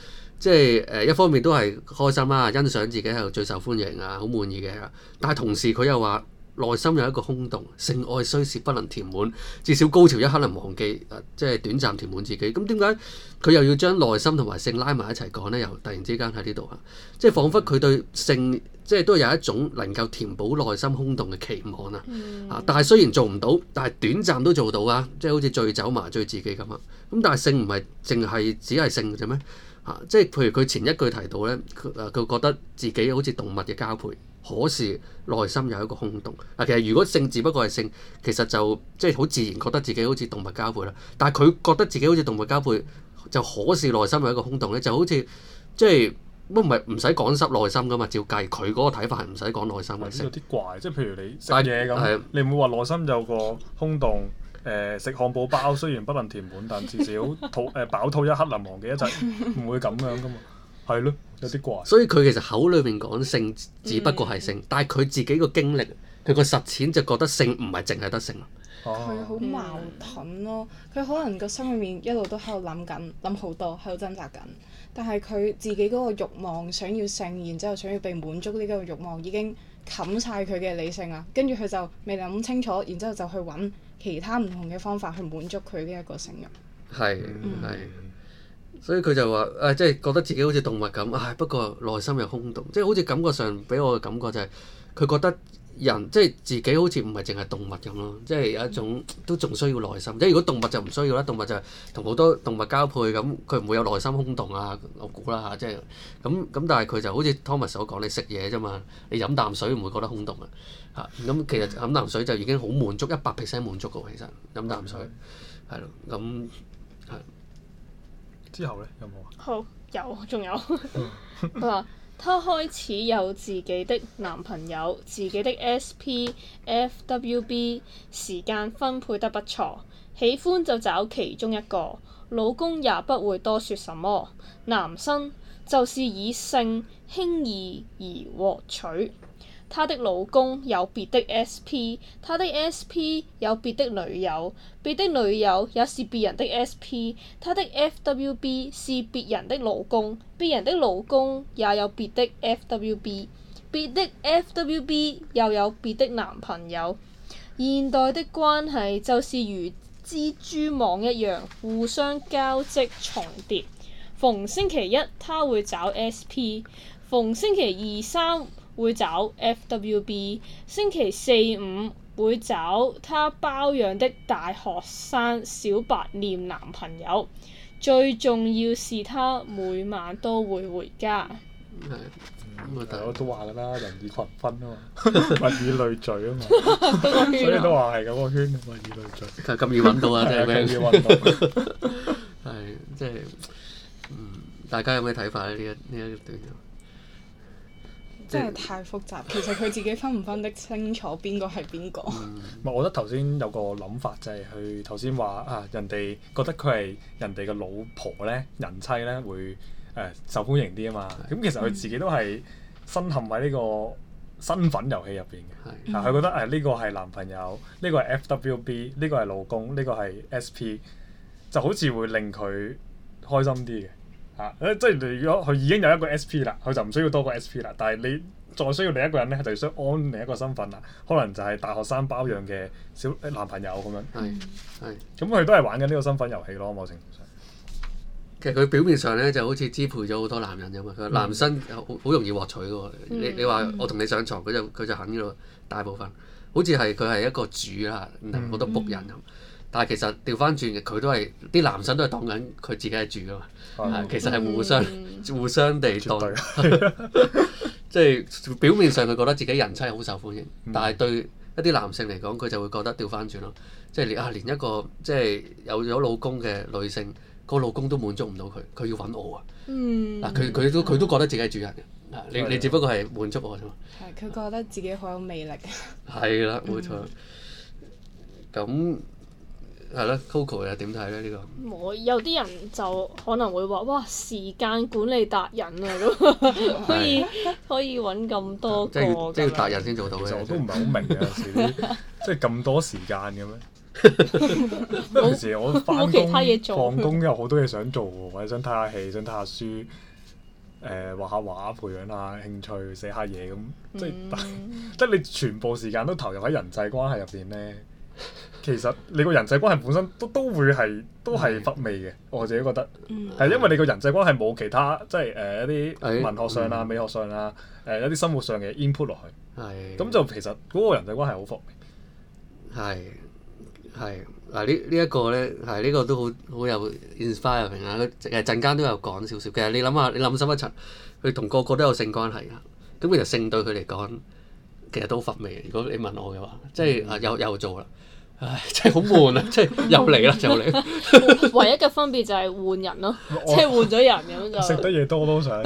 即係誒，一方面都係開心啊，欣賞自己係最受歡迎啊，好滿意嘅啊。但係同時佢又話內心有一個空洞，性愛雖是不能填滿，至少高潮一刻能忘記，啊、即係短暫填滿自己。咁點解佢又要將內心同埋性拉埋一齊講呢？又突然之間喺呢度啊，即係彷彿佢對性即係都有一種能夠填補內心空洞嘅期望啊，啊但係雖然做唔到，但係短暫都做到啊，即係好似醉酒麻醉自己咁啊。咁但係性唔係淨係只係性嘅咩？啊、即係譬如佢前一句提到咧，佢佢、啊、覺得自己好似動物嘅交配，可是內心有一個空洞。嗱、啊，其實如果性只不過係性，其實就即係好自然覺得自己好似動物交配啦。但係佢覺得自己好似動物交配，就可是內心有一個空洞咧，就好似即係乜唔係唔使講濕內心㗎嘛？照計佢嗰個睇法係唔使講內心。有啲怪，即係譬如你食嘢咁，你唔會話內心有個空洞。誒、呃、食漢堡包雖然不能填滿，但至少肚誒 飽肚一刻，能忘記一陣，唔會咁樣㗎嘛。係咯，有啲怪。所以佢其實口裏面講性，只不過係性，嗯、但係佢自己個經歷，佢個實踐就覺得性唔係淨係得性。佢好、啊、矛盾咯。佢可能個心裏面一路都喺度諗緊，諗好多，喺度掙扎緊。但係佢自己嗰個慾望想要性，然之後想要被滿足呢個慾望已經冚晒佢嘅理性啊。跟住佢就未諗清楚，然之後就去揾。其他唔同嘅方法去滿足佢嘅一個性慾，係係，所以佢就話誒，即係覺得自己好似動物咁，唉不過內心又空洞，即係好似感覺上俾我嘅感覺就係佢覺得人即係自己好似唔係淨係動物咁咯，即係有一種都仲需要內心，嗯、即係如果動物就唔需要啦，動物就同好多動物交配咁，佢唔會有內心空洞啊，我估啦吓，即係咁、咁，但係佢就好似 Thomas 所講，你食嘢啫嘛，你飲啖水唔會覺得空洞啊。咁、嗯、其實飲啖水就已經好滿足，一百 percent 滿足噶。其實飲啖水係咯，咁係、嗯嗯、之後咧有冇啊？好有，仲有。佢話：她 開始有自己的男朋友，自己的 S.P.F.W.B. 時間分配得不錯，喜歡就找其中一個，老公也不會多說什麼。男生就是以性輕易而獲取。她的老公有別的 SP，她的 SP 有別的女友，別的女友也是別人的 SP，她的 FWB 是別人的老公，別人的老公也有別的 FWB，別的 FWB 又有別的男朋友。現代的關係就是如蜘蛛網一樣，互相交織重疊。逢星期一她會找 SP，逢星期二三。會找 F.W.B，星期四五會找他包養的大學生小白臉男朋友，最重要是他每晚都會回家。嗯、大家、欸、都話噶啦，人以群分啊嘛，物 以類聚啊嘛，所以都話係咁個圈，物以類聚。咁 易揾到啊？係啊，咁易揾到。係，即係、嗯，大家有咩睇法咧？呢一呢一,一段。真係太複雜，其實佢自己分唔分得清楚邊個係邊個？唔係、嗯， 我覺得頭先有個諗法就係佢頭先話啊，人哋覺得佢係人哋嘅老婆咧、人妻咧，會誒、呃、受歡迎啲啊嘛。咁是其實佢自己都係身陷喺呢個身份遊戲入邊嘅，嗱佢是、嗯啊、覺得誒呢、啊呢個係男朋友，呢、呢個係 F.W.B，呢個係老公，呢、呢個係 S.P，就好似會令佢開心啲嘅。即係、啊就是、如果佢已經有一個 SP 啦，佢就唔需要多個 SP 啦。但係你再需要另一個人咧，就需安另一個身份啦。可能就係大學生包養嘅小男朋友咁樣。係係、嗯，咁佢都係玩緊呢個身份遊戲咯。某程度上，其實佢表面上咧就好似支配咗好多男人咁佢話。男生好、嗯、容易獲取嘅喎、嗯。你你話我同你上床，佢就佢就肯嘅。大部分好似係佢係一個主啦，好多僕人。嗯嗯但係其實調翻轉嘅，佢都係啲男生都係當緊佢自己係住㗎嘛，嗯、其實係互相互相地當，即係對 表面上佢覺得自己人妻好受歡迎，嗯、但係對一啲男性嚟講，佢就會覺得調翻轉咯，即係啊連一個即係、就是、有咗老公嘅女性，個老公都滿足唔到佢，佢要揾我、嗯、啊！嗱，佢佢都佢都覺得自己係主人嘅，你、嗯、你只不過係滿足我啫嘛。佢、嗯、覺得自己好有魅力。係 啦，冇錯。咁。 係咯，Coco 又點睇咧？呢、呢個冇，有啲人就可能會話，哇，時間管理達人啊，都 可以 可以揾咁 多個。即係要達人先做到嘅，我都唔係好明啊！有時啲即係咁多時間嘅咩？有 時我放工放工有好多嘢想做喎，或者想睇下戲、想睇下書、誒、呃、畫下畫、培養下興趣、寫下嘢咁。即係即係你全部時間都投入喺人際關係入邊咧。 其實你個人際關係本身都都會係都係乏味嘅。我自己覺得係、嗯、因為你個人際關係冇其他即係誒一啲文學上啊、美學上啊誒一啲生活上嘅 input 落去，咁就其實嗰個人際關係好乏味。係係嗱，呢呢一個咧係呢個都好好有 inspiring 啊。誒陣間都有講少少。嘅。其實你諗下，你諗深一層，佢同個個都有性關係啊。咁其實性對佢嚟講其實都乏味。如果你問我嘅話，即係又又做啦。唉，真係好悶啊！ 即係又嚟啦，又嚟。唯一嘅分別就係換人咯、啊，即係 換咗人咁就。食得嘢多都想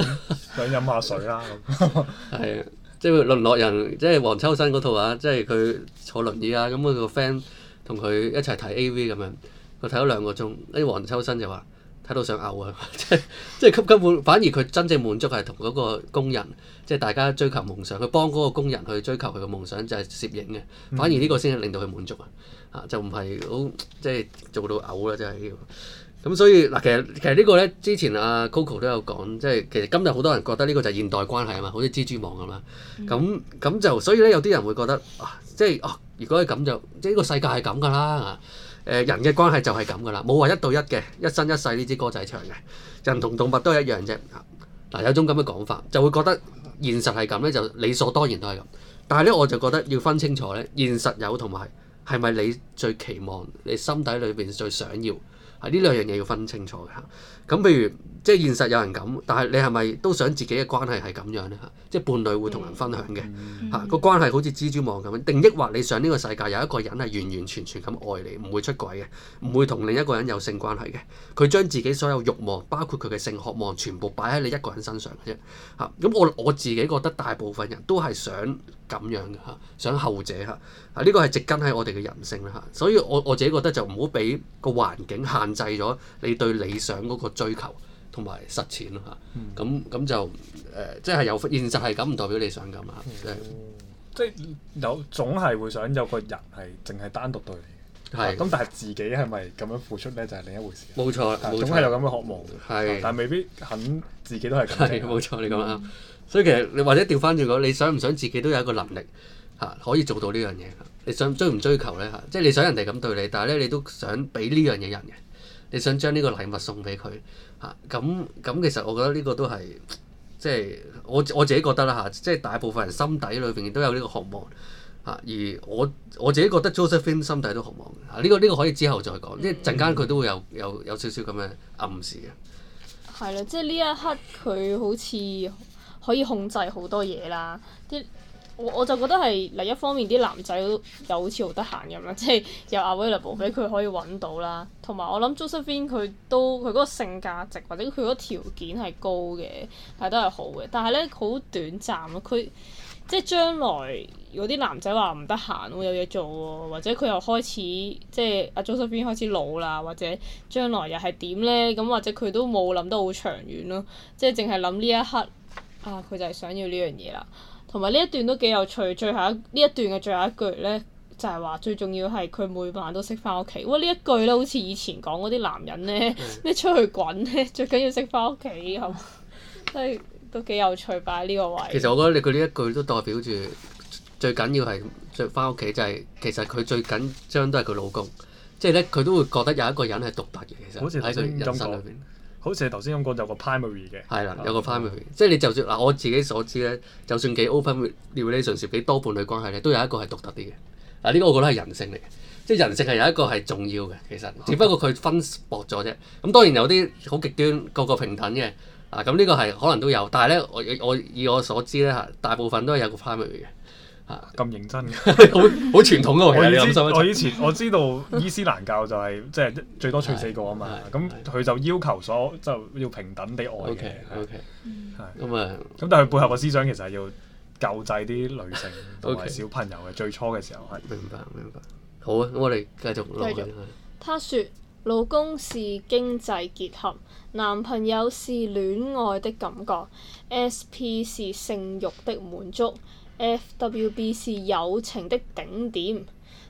想飲下水啦、啊。係 啊，即係淪落人，即係黃秋生嗰套啊，即係佢坐輪椅啊，咁、那、佢個 friend 同佢一齊睇 AV 咁樣，佢睇咗兩個鐘，跟住黃秋生就話睇到想嘔啊！即係即係吸吸滿，反而佢真正滿足係同嗰個工人，即係大家追求夢想，佢幫嗰個工人去追求佢嘅夢想就係、是、攝影嘅，反而呢個先係令到佢滿足啊！ 就唔係好即係做到嘔啦，真係咁，所以嗱，其實其實呢個呢，之前阿、啊、Coco 都有講，即係其實今日好多人覺得呢個就係現代關係啊嘛，好似蜘蛛網咁樣咁咁就，所以呢，有啲人會覺得啊，即係哦、啊，如果係咁就即係個世界係咁㗎啦，誒人嘅關係就係咁㗎啦，冇話一對一嘅一生一世呢支歌仔唱嘅人同動物都係一樣啫。嗱、啊、有種咁嘅講法，就會覺得現實係咁呢就理所當然都係咁，但係呢，我就覺得要分清楚呢現實有同埋。係咪你最期望？你心底裏邊最想要？係呢兩樣嘢要分清楚嘅。咁譬如即係現實有人咁，但係你係咪都想自己嘅關係係咁樣呢？即係伴侶會同人分享嘅。嚇、嗯，個、嗯啊、關係好似蜘蛛網咁樣，定抑或你想呢個世界有一個人係完完全全咁愛你，唔會出軌嘅，唔會同另一個人有性關係嘅。佢將自己所有慾望，包括佢嘅性渴望，全部擺喺你一個人身上嘅啫。嚇、啊，咁我我自己覺得大部分人都係想。咁樣嘅想後者嚇，啊、這、呢個係植根喺我哋嘅人性啦嚇，所以我我自己覺得就唔好俾個環境限制咗你對理想嗰個追求同埋實踐咯嚇。咁咁、嗯、就誒、呃，即係有現實係咁，唔代表你想咁嚇。嗯就是、即係有總係會想有個人係淨係單獨對你嘅，咁的但係自己係咪咁樣付出咧，就係、是、另一回事。冇錯，錯總係有咁嘅渴望。係的，但未必肯自己都係。係冇錯，你講得啱所以其實你或者調翻轉講，你想唔想自己都有一個能力嚇可以做到呢樣嘢？你想追唔追求咧嚇？即係、 就是、你想人哋咁對你，但係咧你都想俾呢樣嘢人嘅，你想將呢個禮物送俾佢嚇。咁、啊、咁、啊、其實我覺得呢個都係即係我我自己覺得啦嚇，即係大部分人心底裏邊都有呢個渴望嚇。而我我自己覺得 Josephine 心底都渴望嚇。呢、啊呢個呢、呢個可以之後再講，即係陣間佢都會有有有少少咁嘅暗示嘅。係啦、嗯，即係呢一刻佢好似。可以控制好多嘢啦，啲我我就覺得係，另一方面啲男仔有好似好得閒咁啦，即係有 available 俾佢可以揾到啦。同埋我諗 Josephine 佢都佢嗰個性價值或者佢嗰個條件係高嘅，係都係好嘅。但係咧好短暫咯，佢即係將來嗰啲男仔話唔得閒會有嘢做喎，或者佢又開始即係阿 Josephine 開始老啦，或者將來又係點咧？咁或者佢都冇諗得好長遠咯，即係淨係諗呢一刻。啊！佢就係想要呢樣嘢啦，同埋呢一段都幾有趣。最後一呢一段嘅最後一句咧，就係、是、話最重要係佢每晚都識翻屋企。哇！呢一句咧，好似以前講嗰啲男人咧，咩、嗯、出去滾咧，最緊要識翻屋企，咁嘛、嗯？ 都都幾有趣，擺喺呢個位。其實我覺得你佢呢一句都代表住最緊要係最翻屋企，就係、是、其實佢最緊張都係佢老公，即係咧佢都會覺得有一個人係獨特嘅，其實喺佢人生裏邊。好似你頭先咁講，有個 primary 嘅、嗯，係啦，有個 primary，即係你就算嗱，我自己所知咧，就算幾 open，relationship，幾多伴侶關係咧，都有一個係獨特啲嘅。嗱，呢個我覺得係人性嚟嘅，即係人性係有一個係重要嘅，其實，只不過佢分薄咗啫。咁當然有啲好極端，個個平等嘅。啊，咁、這、呢個係可能都有，但係咧，我我以我所知咧，大部分都係有個 primary 嘅。咁認真 好，好好傳統咯。我以前我知道伊斯蘭教就係即係最多娶四個啊嘛，咁佢、 嗯嗯、就要求所就要平等地愛嘅。係咁啊，咁、嗯嗯、但係佢背後嘅思想其實係要救濟啲女性同埋 okay. 小朋友嘅。最初嘅時候係明白明白。好啊，咁我哋繼續繼續。佢說，老公是經濟結合，男朋友是戀愛的感覺，S P 是性慾的滿足。F.W.B 是友情的頂點。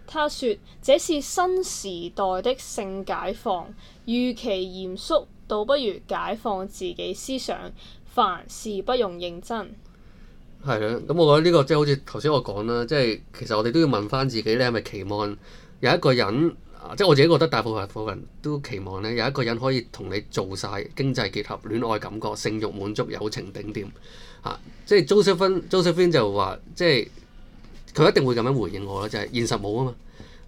他說：這是新時代的性解放。與其嚴肅，倒不如解放自己思想。凡事不用認真。係啊，咁、嗯、我覺得呢、呢個即係好似頭先我講啦，即係其實我哋都要問翻自己咧，係咪期望有一個人？即係我自己覺得大部分人都期望咧，有一個人可以同你做晒經濟結合、戀愛感覺、性慾滿足、友情頂點啊。即係 Josephine，Josephine 就話，即係佢一定會咁樣回應我咯，就係現實冇啊嘛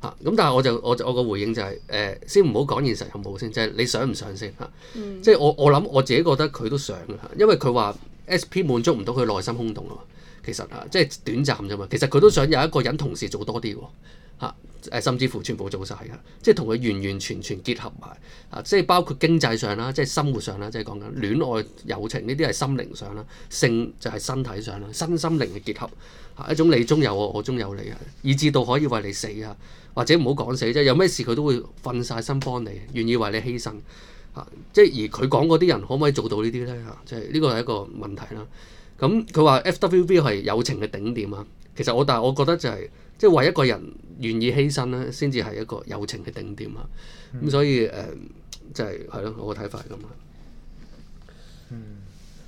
嚇。咁但係我就我我個回應就係誒，先唔好講現實有冇先，即係你想唔想先嚇。即係我我諗我自己覺得佢都想啊，因為佢話 SP 滿足唔到佢內心空洞啊嘛。其實嚇即係短暫啫嘛。其實佢都想有一個人同時做多啲喎。嚇誒、啊，甚至乎全部做晒，噶，即係同佢完完全全結合埋，啊，即係包括經濟上啦，即係生活上啦，即係講緊戀愛、友情呢啲係心靈上啦，性就係身體上啦，身心靈嘅結合，啊，一種你中有我，我中有你啊，以至到可以為你死啊，或者唔好講死啫，有咩事佢都會瞓晒心幫你，願意為你犧牲嚇，啊，即係而佢講嗰啲人可唔可以做到呢啲咧嚇？即係呢個係一個問題啦。咁佢話 F.W.V 係友情嘅頂點啊。其實我但係我覺得就係、是、即係為一個人願意犧牲咧，先至係一個友情嘅頂點啊！咁、嗯嗯、所以誒，就係係咯，我個睇法係咁啊。嗯，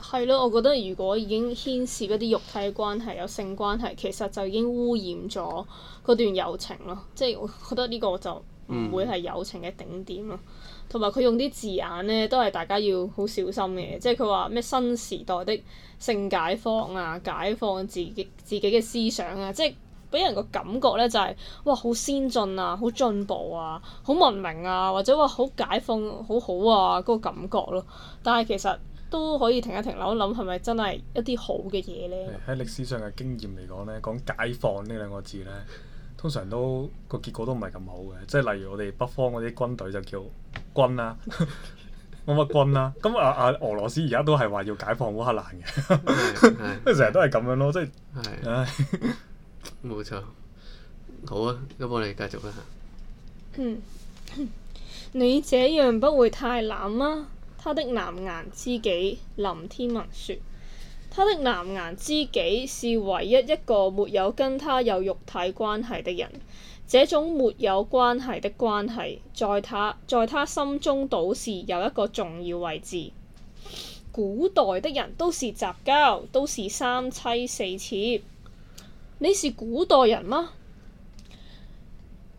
係、就、咯、是嗯，我覺得如果已經牽涉一啲肉體關係、有性關係，其實就已經污染咗嗰段友情咯。即係我覺得呢個就唔會係友情嘅頂點咯。嗯同埋佢用啲字眼呢，都係大家要好小心嘅，即係佢話咩新時代的性解放啊，解放自己自己嘅思想啊，即係俾人個感覺呢、就係，就係哇好先進啊，好進步啊，好文明啊，或者話好解放好好啊嗰、嗰個感覺咯。但係其實都可以停一停，諗一諗係咪真係一啲好嘅嘢呢？喺歷史上嘅經驗嚟講呢，講解放呢兩個字呢。通常都個結果都唔係咁好嘅，即係例如我哋北方嗰啲軍隊就叫軍啦、啊，冇 乜軍啦、啊。咁啊啊，俄羅斯而家都係話要解放烏克蘭嘅，咁成日都係咁樣咯，即係，唉， 冇 錯，好啊，咁我哋繼續啦、嗯、你這樣不會太冷嗎，啊？他的藍顏知己林天文說。他的藍顏知己是唯一一個沒有跟他有肉體關係的人，這種沒有關係的關係，在他，在他心中倒是有一個重要位置。古代的人都是雜交，都是三妻四妾。你是古代人嗎？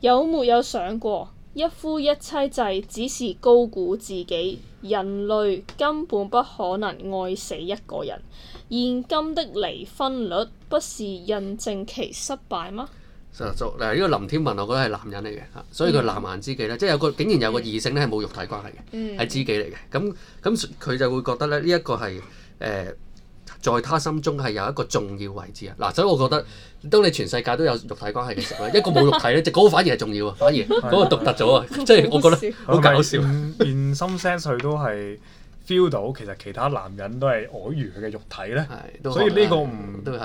有沒有想過？一夫一妻制只是高估自己，人類根本不可能愛死一個人。現今的離婚率不是印證其失敗嗎？呢個林天文，我覺得係男人嚟嘅，嚇，所以佢男閨知己咧，嗯、即係有個竟然有個異性咧，係冇肉體關係嘅，係知、嗯、己嚟嘅。咁咁佢就會覺得咧，呢、這、一個係誒。呃在他心中係有一個重要位置啊！嗱，所以我覺得，當你全世界都有肉體關係嘅時候，一個冇肉體咧，就嗰個反而係重要啊，反而嗰個獨特咗啊！即係我覺得好搞笑。變變心聲，佢都係 feel 到其實其他男人都係礙於佢嘅肉體咧，所以呢個唔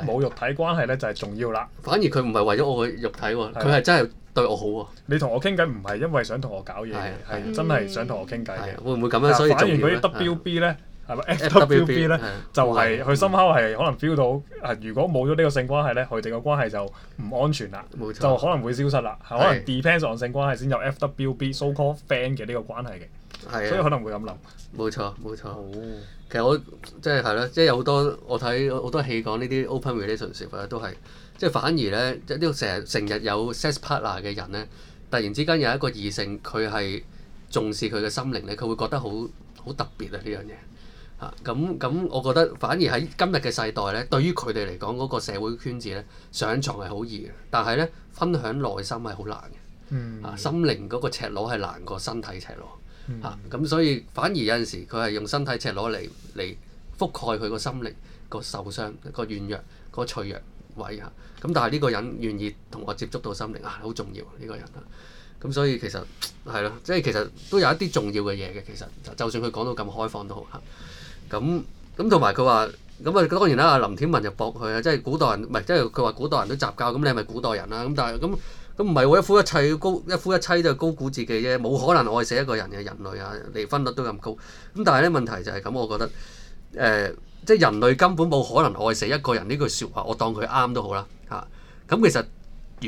冇肉體關係咧就係重要啦。反而佢唔係為咗我嘅肉體喎，佢係真係對我好喎。你同我傾偈唔係因為想同我搞嘢，係真係想同我傾偈嘅。會唔會咁樣？所以反而啲 W B 咧。係咪？F.W.B. 咧就係佢深刻係可能 feel 到啊！如果冇咗呢個性關係咧，佢哋個關係就唔安全啦，冇錯，就可能會消失啦。的可能 depends on 性關係先有 F.W.B. so call friend 嘅呢個關係嘅。的所以可能會咁諗。冇錯，冇錯，哦。其實我即係係咯，即係有好多我睇好多戲講呢啲 open relationship 咧，都係即係反而咧，即呢、這個成日成日有 sex partner 嘅人咧，突然之間有一個異性佢係重視佢嘅心靈咧，佢會覺得好好特別啊呢樣嘢。啊！咁咁，我覺得反而喺今日嘅世代咧，對於佢哋嚟講，嗰、嗰個社會圈子咧，上床係好易嘅，但係咧，分享內心係好難嘅。嗯、啊，心靈嗰個赤裸係難過身體赤裸嚇。咁、啊嗯啊、所以反而有陣時佢係用身體赤裸嚟嚟覆蓋佢個心靈、個受傷、個軟弱、個脆弱位嚇。咁、啊、但係呢個人願意同我接觸到心靈啊，好、這個、重要呢個人啊。咁所以其實係咯，即係其實都有一啲重要嘅嘢嘅。其實就算佢講到咁開放都好嚇。啊咁咁同埋佢話咁啊，當然啦，林天文就駁佢啊，即、就、係、是、古代人唔係，即係佢話古代人都雜交。咁、嗯、你係咪古代人啦、啊？咁、嗯、但係咁咁唔係我一夫一妻高一夫一妻就高估自己啫，冇可能愛死一個人嘅人類啊！離婚率都咁高，咁、嗯、但係咧問題就係、是、咁，我覺得誒，即、呃、係、就是、人類根本冇可能愛死一個人呢句説話，我當佢啱都好啦嚇。咁、啊嗯、其實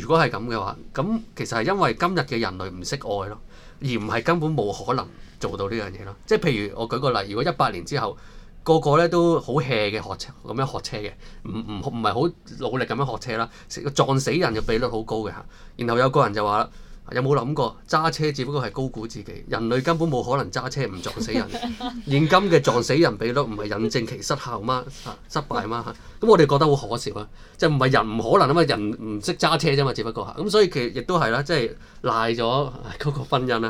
如果係咁嘅話，咁、嗯、其實係因為今日嘅人類唔識愛咯。而唔係根本冇可能做到呢樣嘢咯，即係譬如我舉個例，如果一百年之後個個咧都好 hea 嘅學車咁樣學車嘅，唔唔唔係好努力咁樣學車啦，撞死人嘅比率好高嘅嚇，然後有個人就話。有冇諗過揸車只不過係高估自己，人類根本冇可能揸車唔撞死人。現今嘅撞死人比率唔係印證其失效嗎？啊、失敗嗎？咁、啊啊啊啊、我哋覺得好可笑啊！即係唔係人唔可能啊嘛？人唔識揸車啫嘛，只不過啊，咁所以其實亦都係啦，即係賴咗嗰個婚姻啦。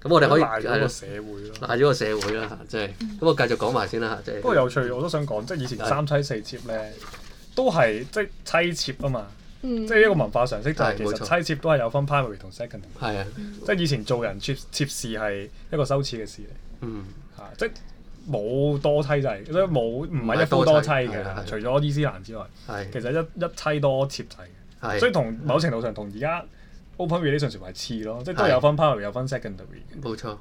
咁、啊、我哋可以賴咗個社會咯、啊，賴咗個社會啦，即、啊、係。咁我繼續講埋先啦，即、啊、係。不過有趣，我都想講，即係以前三妻四妾咧，都係即係妻妾啊嘛。啊即係一個文化常識，就係其實妻妾都係有分 primary 同 secondary 錯。係啊，即係以前做人妾妾侍係一個羞恥嘅事嚟。嗯，嚇、啊，即係冇多妻制，就係，即冇唔係一夫多妻嘅，除咗伊斯蘭之外，對其實一一妻多妾制嘅，對所以同某程度上同而家 open relationship 係似咯，即係都有分 primary 有分 secondary。冇錯，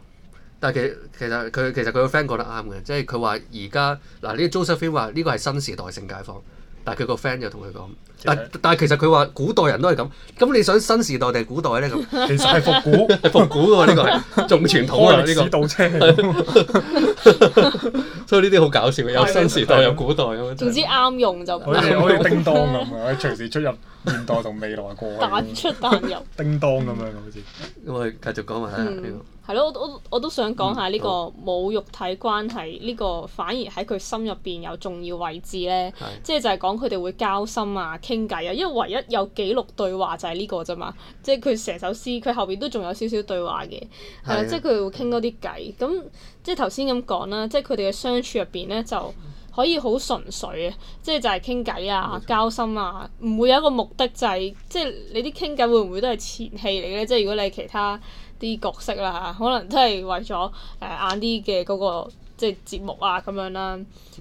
但係其其實佢其實佢個 friend 覺得啱嘅，即係佢話而家嗱呢個 Josephine 話呢個係新時代性解放。但係佢個 friend 又同佢講，但但係其實佢話古代人都係咁，咁你想新時代定古代咧咁？ 其實係復古，係 復古㗎喎、啊，呢、呢個係仲傳統啊呢、呢個，車 所以呢啲好搞笑，有新時代有古代咁。總之啱用就用。叮噹咁，可以叮噹樣 隨時出入現代同未來過。彈 出彈入。叮噹咁樣，好似、 嗯。咁、嗯、我哋繼續講埋喺係咯，我都想講下呢個冇肉體關係呢、嗯、個，反而喺佢心入邊有重要位置呢。即係的就係講佢哋會交心啊、傾偈啊，因為唯一有記錄對話就係呢個啫嘛。即係佢成首詩，佢後邊都仲有少少對話嘅。係即係佢會傾多啲偈。咁即係頭先咁講啦，即係佢哋嘅相處入邊呢就可以好純粹嘅，即係就係傾偈啊、交心啊，唔錯、啊、會有一個目的就係即係你啲傾偈會唔會都係前戲嚟咧？即、就、係、是、如果你係其他。啲角色啦，可能都係為咗誒晏啲嘅嗰個。即係節目啊咁樣啦，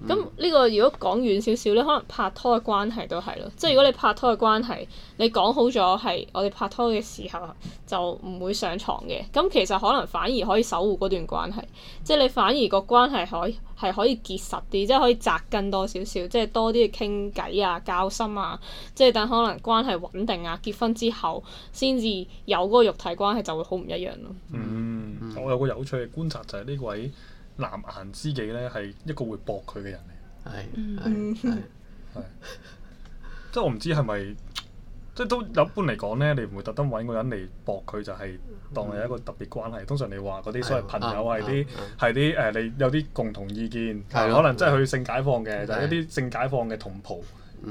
咁、嗯、呢個如果講遠少少咧，可能拍拖嘅關係都係咯。即係如果你拍拖嘅關係，你講好咗係我哋拍拖嘅時候就唔會上床嘅，咁其實可能反而可以守護嗰段關係。即係你反而個關係可係可以結實啲，即係可以紮根多少少，即係多啲嘅傾偈啊、交心啊，即係等可能關係穩定啊。結婚之後先至有嗰個肉體關係就會好唔一樣咯。嗯，我有個有趣嘅觀察就係呢位。藍顏知己咧係一個會駁佢嘅人嚟，係係，即係我唔知係咪，即係都一般嚟講咧，你唔會特登揾個人嚟駁佢，就係當係一個特別關係。通常你話嗰啲所謂朋友係啲係啲誒，你有啲共同意見，可能即係去性解放嘅，就係一啲性解放嘅同袍、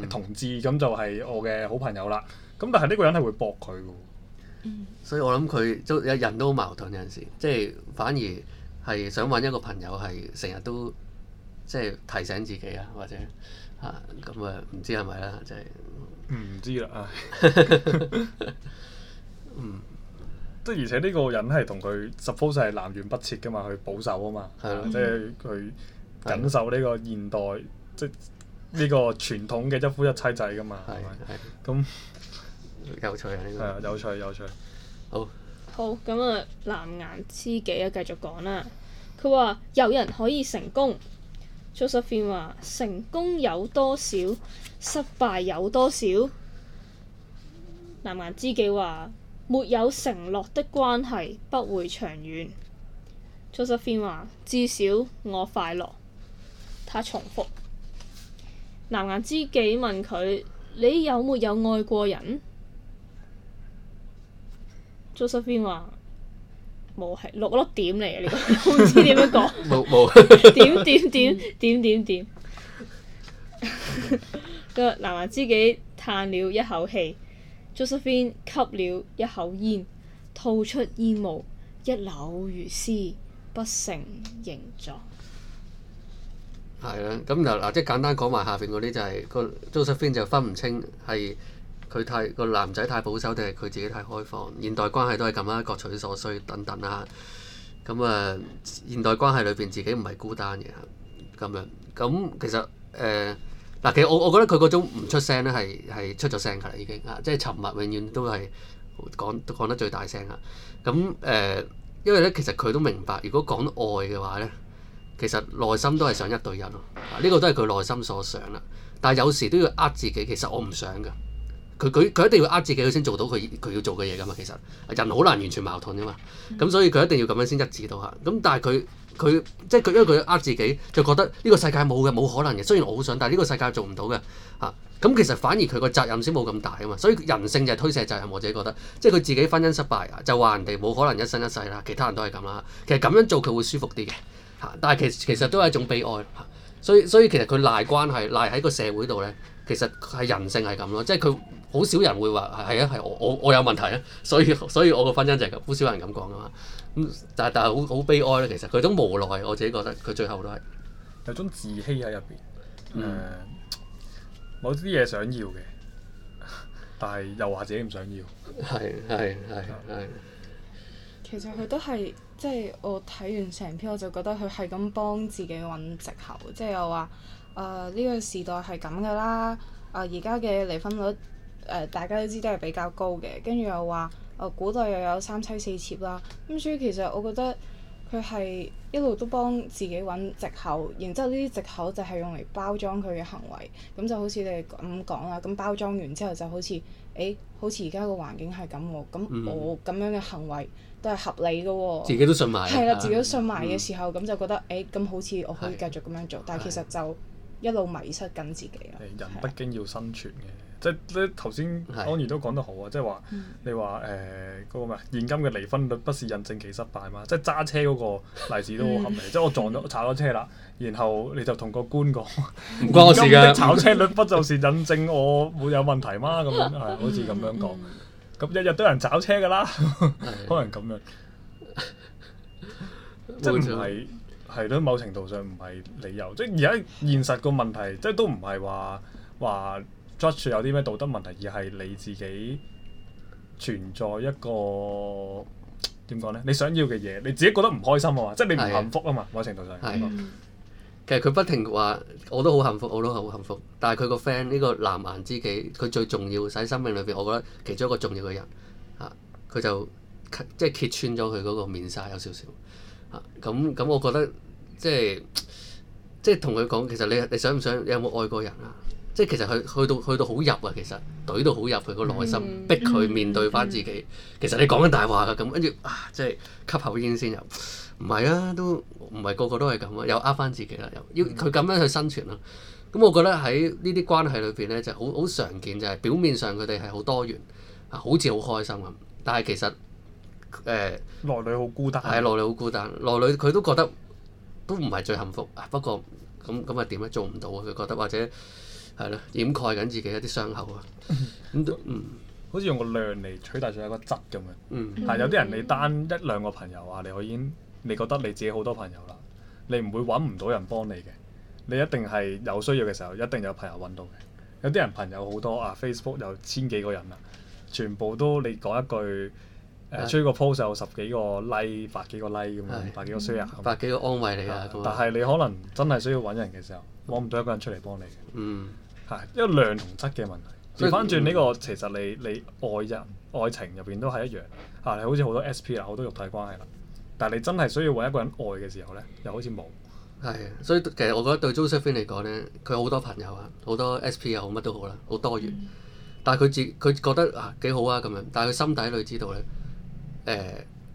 同志咁就係我嘅好朋友啦。咁但係呢個人係會駁佢嘅，所以我諗佢都人都好矛盾有陣時，即係反而。係想揾一個朋友係成日都即係提醒自己啊，或者嚇咁啊，唔知係咪啦，即係唔知啊，嗯、哎，即 係 而且呢個人係同佢 suppose 係南轅北轍噶嘛，佢保守啊嘛，係即係佢緊守呢個現代的即呢個傳統嘅一夫一妻制噶嘛，係咪？係咁有趣啊！呢、呢個係啊，有趣有趣，好。好，咁、嗯、啊，藍顏知己啊，繼續講啦。佢話有人可以成功。Josephine 話成功有多少，失敗有多少。藍顏知己話沒有承諾的關係不會長遠。Josephine 話至少我快樂。他重複。藍顏知己問佢：你有沒有愛過人？Josephine 話冇係六粒點嚟嘅呢個，唔知點樣講。冇冇點點點點點點。個 男男自己嘆了一口氣，Josephine 吸了一口煙，吐出煙霧，一縷如絲，不成形狀。係啦，咁就，嗱，即係簡單講埋下邊嗰啲就係、是、個 Josephine 就分唔清係。佢太個男仔太保守，定係佢自己太開放？現代關係都係咁啦，各取所需等等啦、啊。咁、嗯、啊、嗯，現代關係裏邊自己唔係孤單嘅咁樣。咁、嗯、其實誒嗱、呃，其實我我覺得佢嗰種唔出聲咧，係係出咗聲㗎啦，已經啊，即係沉默永遠都係講講得最大聲啦。咁、啊、誒，因為咧其實佢都明白，如果講愛嘅話咧，其實內心都係想一對一咯。呢個都係佢內心所想啦。但係有時都要呃自己，其實我唔想㗎。佢佢一定要呃自己，佢先做到佢佢要做嘅嘢噶嘛。其實人好難完全矛盾啊嘛。咁所以佢一定要咁樣先一致到嚇。咁但係佢佢即係佢因為佢呃自己，就覺得呢個世界冇嘅冇可能嘅。雖然我好想，但係呢個世界做唔到嘅嚇。咁、啊、其實反而佢個責任先冇咁大啊嘛。所以人性就係推卸責任，我自己覺得。即係佢自己婚姻失敗啊就話人哋冇可能一生一世啦，其他人都係咁啦。其實咁樣做佢會舒服啲嘅嚇。但係其實其實都係一種悲哀嚇、啊。所以所以其實佢賴關係賴喺個社會度咧。其實係人性係咁咯，即係佢好少人會話係啊，係、啊、我我我有問題啊，所以所以我個婚姻就係咁，好少人咁講㗎嘛。咁但係但係好好悲哀咧，其實佢種無奈，我自己覺得佢最後都係有種自欺喺入邊。誒、嗯呃，某啲嘢想要嘅，但係又話自己唔想要。係係係係。的的其實佢都係即係我睇完成篇，我就覺得佢係咁幫自己搵藉口，即係我話。誒呢、呃這個時代係咁㗎啦，誒而家嘅離婚率誒、呃、大家都知都係比較高嘅，跟住又話誒、呃、古代又有三妻四妾啦，咁所以其實我覺得佢係一路都幫自己揾藉口，然之後呢啲藉口就係用嚟包裝佢嘅行為，咁就好似你咁講啦，咁包裝完之後就好似誒好似而家個環境係咁喎，咁我咁樣嘅行為都係合理嘅喎。自己都信埋係啦，自己都信埋嘅時候，咁就覺得誒咁、哎、好似我可以繼續咁樣做，但係其實就。一路迷失緊自己咯。人不經要生存嘅，即係咧頭先安兒都講得好啊，即係話你話誒嗰個咩現今嘅離婚率不是印證其失敗嘛？即係揸車嗰個例子都好合理，即係我撞咗、炒咗車啦，然後你就同個官講，唔關我事嘅，炒車率不就是印證我會有問題嗎？咁樣係好似咁樣講，咁日日都有人炒車噶啦，可能咁樣，真係。係都某程度上唔係理由，即係而家現實個問題，即係都唔係話話 judge 有啲咩道德問題，而係你自己存在一個點講咧？你想要嘅嘢，你自己覺得唔開心啊嘛，即係你唔幸福啊嘛，的某程度上。的其實佢不停話我都好幸福，我都好幸福，但係佢個 friend 呢個藍顏知己，佢最重要喺生命裏邊，我覺得其中一個重要嘅人啊，佢就即係揭穿咗佢嗰個面紗有少少啊，咁咁我覺得。即係即係同佢講，其實你你想唔想你有冇愛過人啊？即係其實佢去，去到去到好入啊，其實懟到好入佢個內心，逼佢面對翻自己。嗯、其實你講緊大話噶咁，跟住啊，即係吸口煙先又唔係啊，都唔係個個都係咁啊，又呃翻自己啦，又要佢咁樣去生存啦，啊。咁我覺得喺呢啲關係裏邊咧，就好好常見就係表面上佢哋係好多元啊，好似好開心咁，但係其實誒，內裏好孤單，係內裏好孤單，內裏佢都覺得。都唔係最幸福，不過咁咁係點咧？做唔到啊！佢覺得，或者係咯，掩蓋緊自己一啲傷口啊。咁都 嗯，好似用個量嚟取代咗一個質咁樣。嗯，但有啲人你單一兩個朋友啊，你可以已經，你覺得你自己好多朋友啦，你唔會揾唔到人幫你嘅。你一定係有需要嘅時候，一定有朋友揾到嘅。有啲人朋友好多啊，Facebook 有千幾個人啦、啊，全部都你講一句。誒，出、呃、個 post 有十幾個 like，百幾個 like 咁樣，百幾個衰人，百幾個安慰你啊！是但係你可能真係需要揾人嘅時候，攞唔到一個人出嚟幫你。嗯，係因為量同質嘅問題。轉翻轉呢個，其實你你愛人愛情入邊都係一樣嚇。你好似好多 sp 啊，好多肉體關係啦。但係你真係需要揾一個人愛嘅時候咧，又好似冇係。所以其實我覺得對 Josephine 嚟講咧，佢好多朋友啊，好多 sp 又好，乜都好啦，好多餘。但係佢自佢覺得啊幾好啊咁樣，但係佢心底裏知道咧，誒、呃、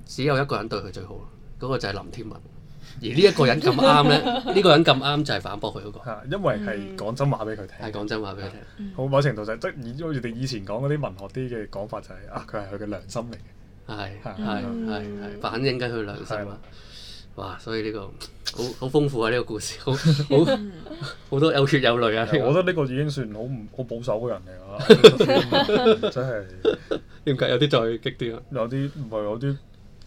只有一個人對佢最好咯，嗰、那個就係林天文。而呢一個人咁啱咧，呢 個人咁啱就係反駁佢嗰、那個。因為係講真話俾佢聽。係、嗯、講真話俾佢聽。好、嗯、某程度就即、是、係以好似你以前講嗰啲文學啲嘅講法就係、是、啊，佢係佢嘅良心嚟嘅。係係係係反映緊佢良心啊！哇！所以呢、呢個好好豐富啊，呢、呢個故事好好好多有血有淚啊！ 我覺得呢個已經算好唔好保守嘅人嚟啦、嗯就是 嗯，真係點解有啲再激啲啊？有啲唔係有啲，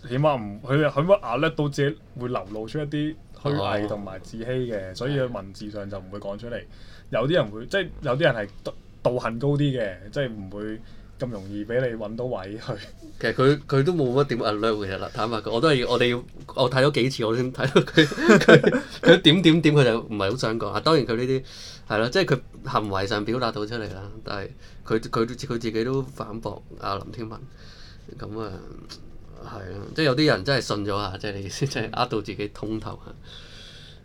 起碼唔佢起碼壓力到自己會流露出一啲虛偽同埋自欺嘅，哦、所以文字上就唔會講出嚟的。有啲人會即係有啲人係道行高啲嘅，即係唔會。咁容易俾你揾到位去？其實佢佢都冇乜點 a 啦，坦白講，我都係我哋我睇咗幾次，我先睇到佢佢點點點，佢就唔係好想講。當然佢呢啲係咯，即係佢行為上表達到出嚟啦。但係佢佢佢自己都反駁阿林天文咁啊，係啊，即係有啲人真係信咗下，即係你意思真係呃到自己通透啊。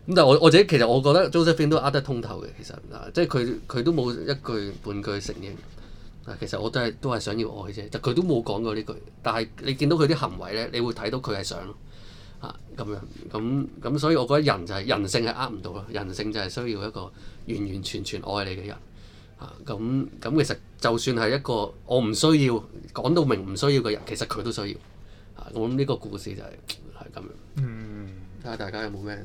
咁但係我我自己其實我覺得 Josephine 都呃得通透嘅，其實即係佢佢都冇一句半句承認。其實我都係都係想要愛啫，就佢都冇講過呢句。但係你見到佢啲行為咧，你會睇到佢係想嚇咁、啊、樣咁咁，所以我覺得人就係、是、人性係呃唔到咯。人性就係需要一個完完全全愛你嘅人咁咁。啊、其實就算係一個我唔需要講到明唔需要嘅人，其實佢都需要。我諗呢個故事就係係咁樣。嗯，睇下大家有冇咩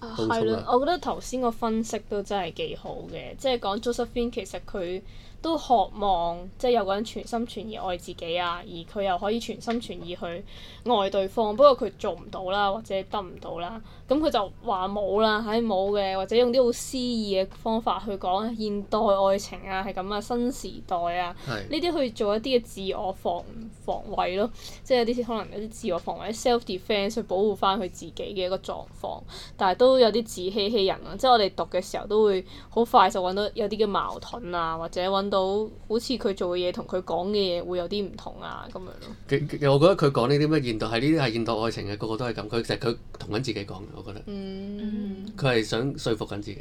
補充啊？係咯，我覺得頭先個分析都真係幾好嘅，即、就、係、是、講 Josephine 其實佢。都渴望即係有個人全心全意愛自己啊，而佢又可以全心全意去愛對方。不過佢做唔到啦，或者得唔到啦。咁佢就話冇啦，唉冇嘅，或者用啲好詩意嘅方法去講現代愛情啊，係咁啊，新時代啊，呢啲是去做一啲嘅自我防防衞咯，即係有啲可能有啲自我防衞，self defense 去保護翻佢自己嘅一個狀況。但係都有啲自欺欺人啊，即係我哋讀嘅時候都會好快就揾到有啲嘅矛盾啊，或者揾。到好似佢做嘅嘢同佢講嘅嘢會有啲唔同啊，咁樣咯。我覺得佢講呢啲咩現代，係呢啲係現代愛情嘅，個個都係咁。佢其實佢同緊自己講嘅，我覺得。嗯。佢係想說服緊自己。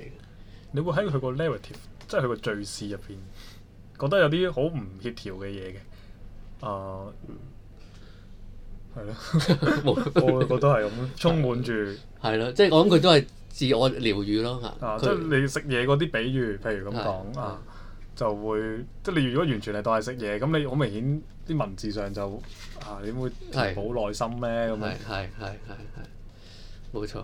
你會喺佢個 narrative，即係佢個敘事入邊，覺得有啲好唔協調嘅嘢嘅。啊。係咯。我我覺得都係咁，充滿住。係咯，即係我諗佢都係自我療愈咯。即係你食嘢嗰啲比喻，譬如咁講啊。就會即係你如果完全係當係食嘢，咁你好明顯啲文字上就啊，你會填補內心咩？咁係係係係冇錯。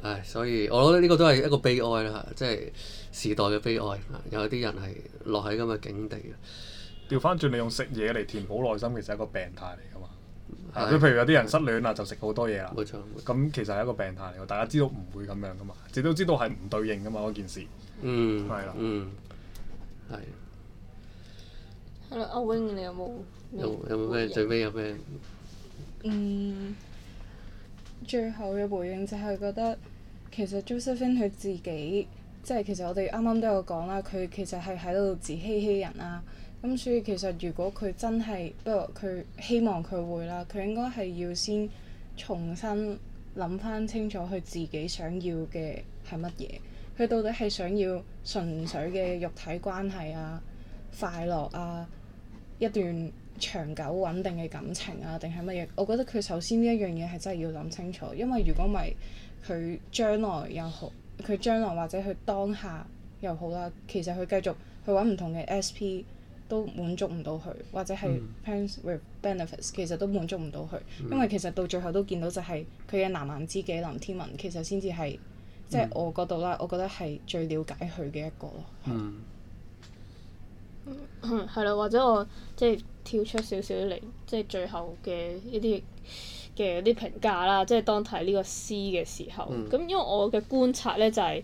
唉、哎，所以我覺得呢個都係一個悲哀啦，即係時代嘅悲哀。有啲人係落喺咁嘅境地，調翻轉你用食嘢嚟填補內心，其實係一個病態嚟㗎嘛。咁譬是、啊、如有啲人失戀啦，就食好多嘢啦。冇錯。咁錯其實係一個病態嚟，大家知道唔會咁樣㗎嘛，亦都知道係唔對應㗎嘛嗰件事。嗯。係啦的。嗯。係。係咯，阿 wing 你有冇？有有冇咩，最尾有咩？嗯，最後嘅回應就係覺得其實 Josephine 佢自己，即係其實我哋啱啱都有講啦，佢其實係喺度自欺欺人啦、啊。咁所以其實如果佢真係，不過佢希望佢會啦，佢應該係要先重新諗返清楚佢自己想要嘅係乜嘢。佢到底係想要純粹嘅肉體關係啊、快樂啊、一段長久穩定嘅感情啊，定係乜嘢？我覺得佢首先呢一樣嘢係真係要諗清楚，因為如果唔係佢將來又好，佢將來或者佢當下又好啦，其實佢繼續去揾唔同嘅 SP 都滿足唔到佢，或者係 friends with benefits 其實都滿足唔到佢，因為其實到最後都見到就係佢嘅男閨知己林天文，其實先至係。即係我嗰度啦，我覺得係最了解佢嘅一個咯。嗯，嗯 ，係啦， 或者我即係跳出少少嚟，即係最後嘅一啲嘅一啲評價啦。即係當睇呢個詩嘅時候，咁 因為我嘅觀察咧，就係、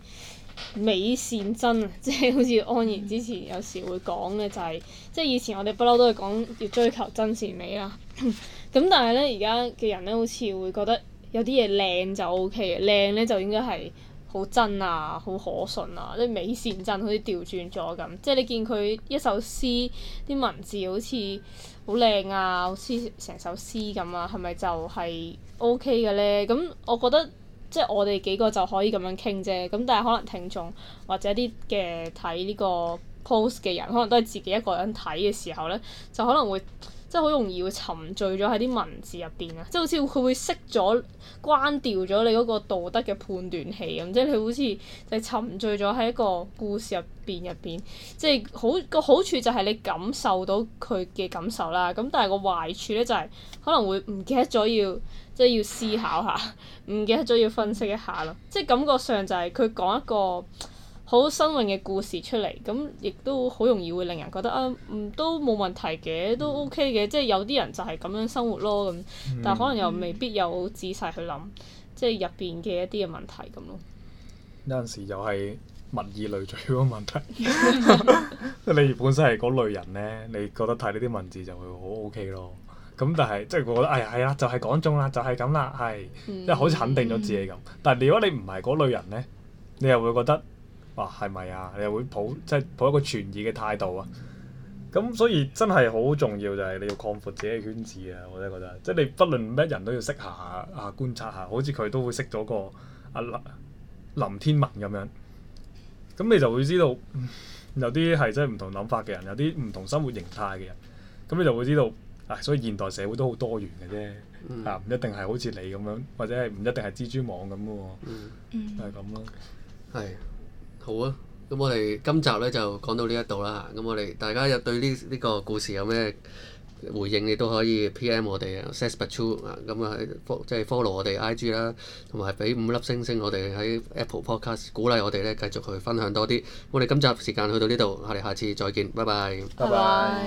是、美善真啊，即係好似安然之前有時會講咧，就係、是、即係以前我哋不嬲都係講要追求真善美啦。咁 但係咧，而家嘅人咧，好似會覺得有啲嘢靚就 O K 嘅，靚咧就應該係。好真啊，好可信啊，啲美善真好似調轉咗咁，即係你見佢一首詩啲文字好似好靚啊，好似成首詩咁啊，係咪就係 O K 嘅咧？咁我覺得即係我哋幾個就可以咁樣傾啫。咁但係可能聽眾或者啲嘅睇呢個 post 嘅人，可能都係自己一個人睇嘅時候咧，就可能會。即係好容易會沉醉咗喺啲文字入邊啊！即係好似佢會熄咗關掉咗你嗰個道德嘅判斷器咁，即係佢好似就係你沉醉咗喺一個故事入邊入邊，即係好個好處就係你感受到佢嘅感受啦。咁但係個壞處咧就係可能會唔記得咗要即係要思考下，唔記得咗要分析一下咯。即係感覺上就係佢講一個。好新穎嘅故事出嚟，咁亦都好容易會令人覺得啊，嗯都冇問題嘅，都 OK 嘅，即係有啲人就係咁樣生活咯咁。但係可能又未必有仔細去諗，嗯、即係入邊嘅一啲嘅問題咁咯。有陣時又係物以類聚嗰個問題，即係 你本身係嗰類人咧，你覺得睇呢啲文字就會好 OK 咯。咁但係即係我覺得，哎呀係啊，就係、係、講中啦，就係咁啦，係，即係、嗯、好似肯定咗自己咁。嗯、但係如果你唔係嗰類人咧，你又會覺得。哇，係咪啊？你會抱即係抱一個存異嘅態度啊？咁所以真係好重要，就係你要擴闊自己嘅圈子啊！我真係覺得，即係你不論咩人都要識下啊，觀察下，好似佢都會識咗個阿、啊、林，林天文咁樣。咁你就會知道、嗯、有啲係真係唔同諗法嘅人，有啲唔同生活形態嘅人。咁你就會知道啊、哎！所以現代社會都好多元嘅啫，嗯、啊唔一定係好似你咁樣，或者係唔一定係蜘蛛網咁嘅喎。嗯係咁咯，係。好啊，咁我哋今集咧就講到呢一度啦嚇，咁我哋大家又對呢呢個故事有咩回應？你都可以 PM 我哋，send me a tweet 啊，咁啊即係 follow 我哋 IG 啦，同埋俾五粒星星我哋喺 Apple Podcast 鼓勵我哋咧繼續去分享多啲。我哋今集時間去到呢度，我哋下次再見，拜拜。拜拜。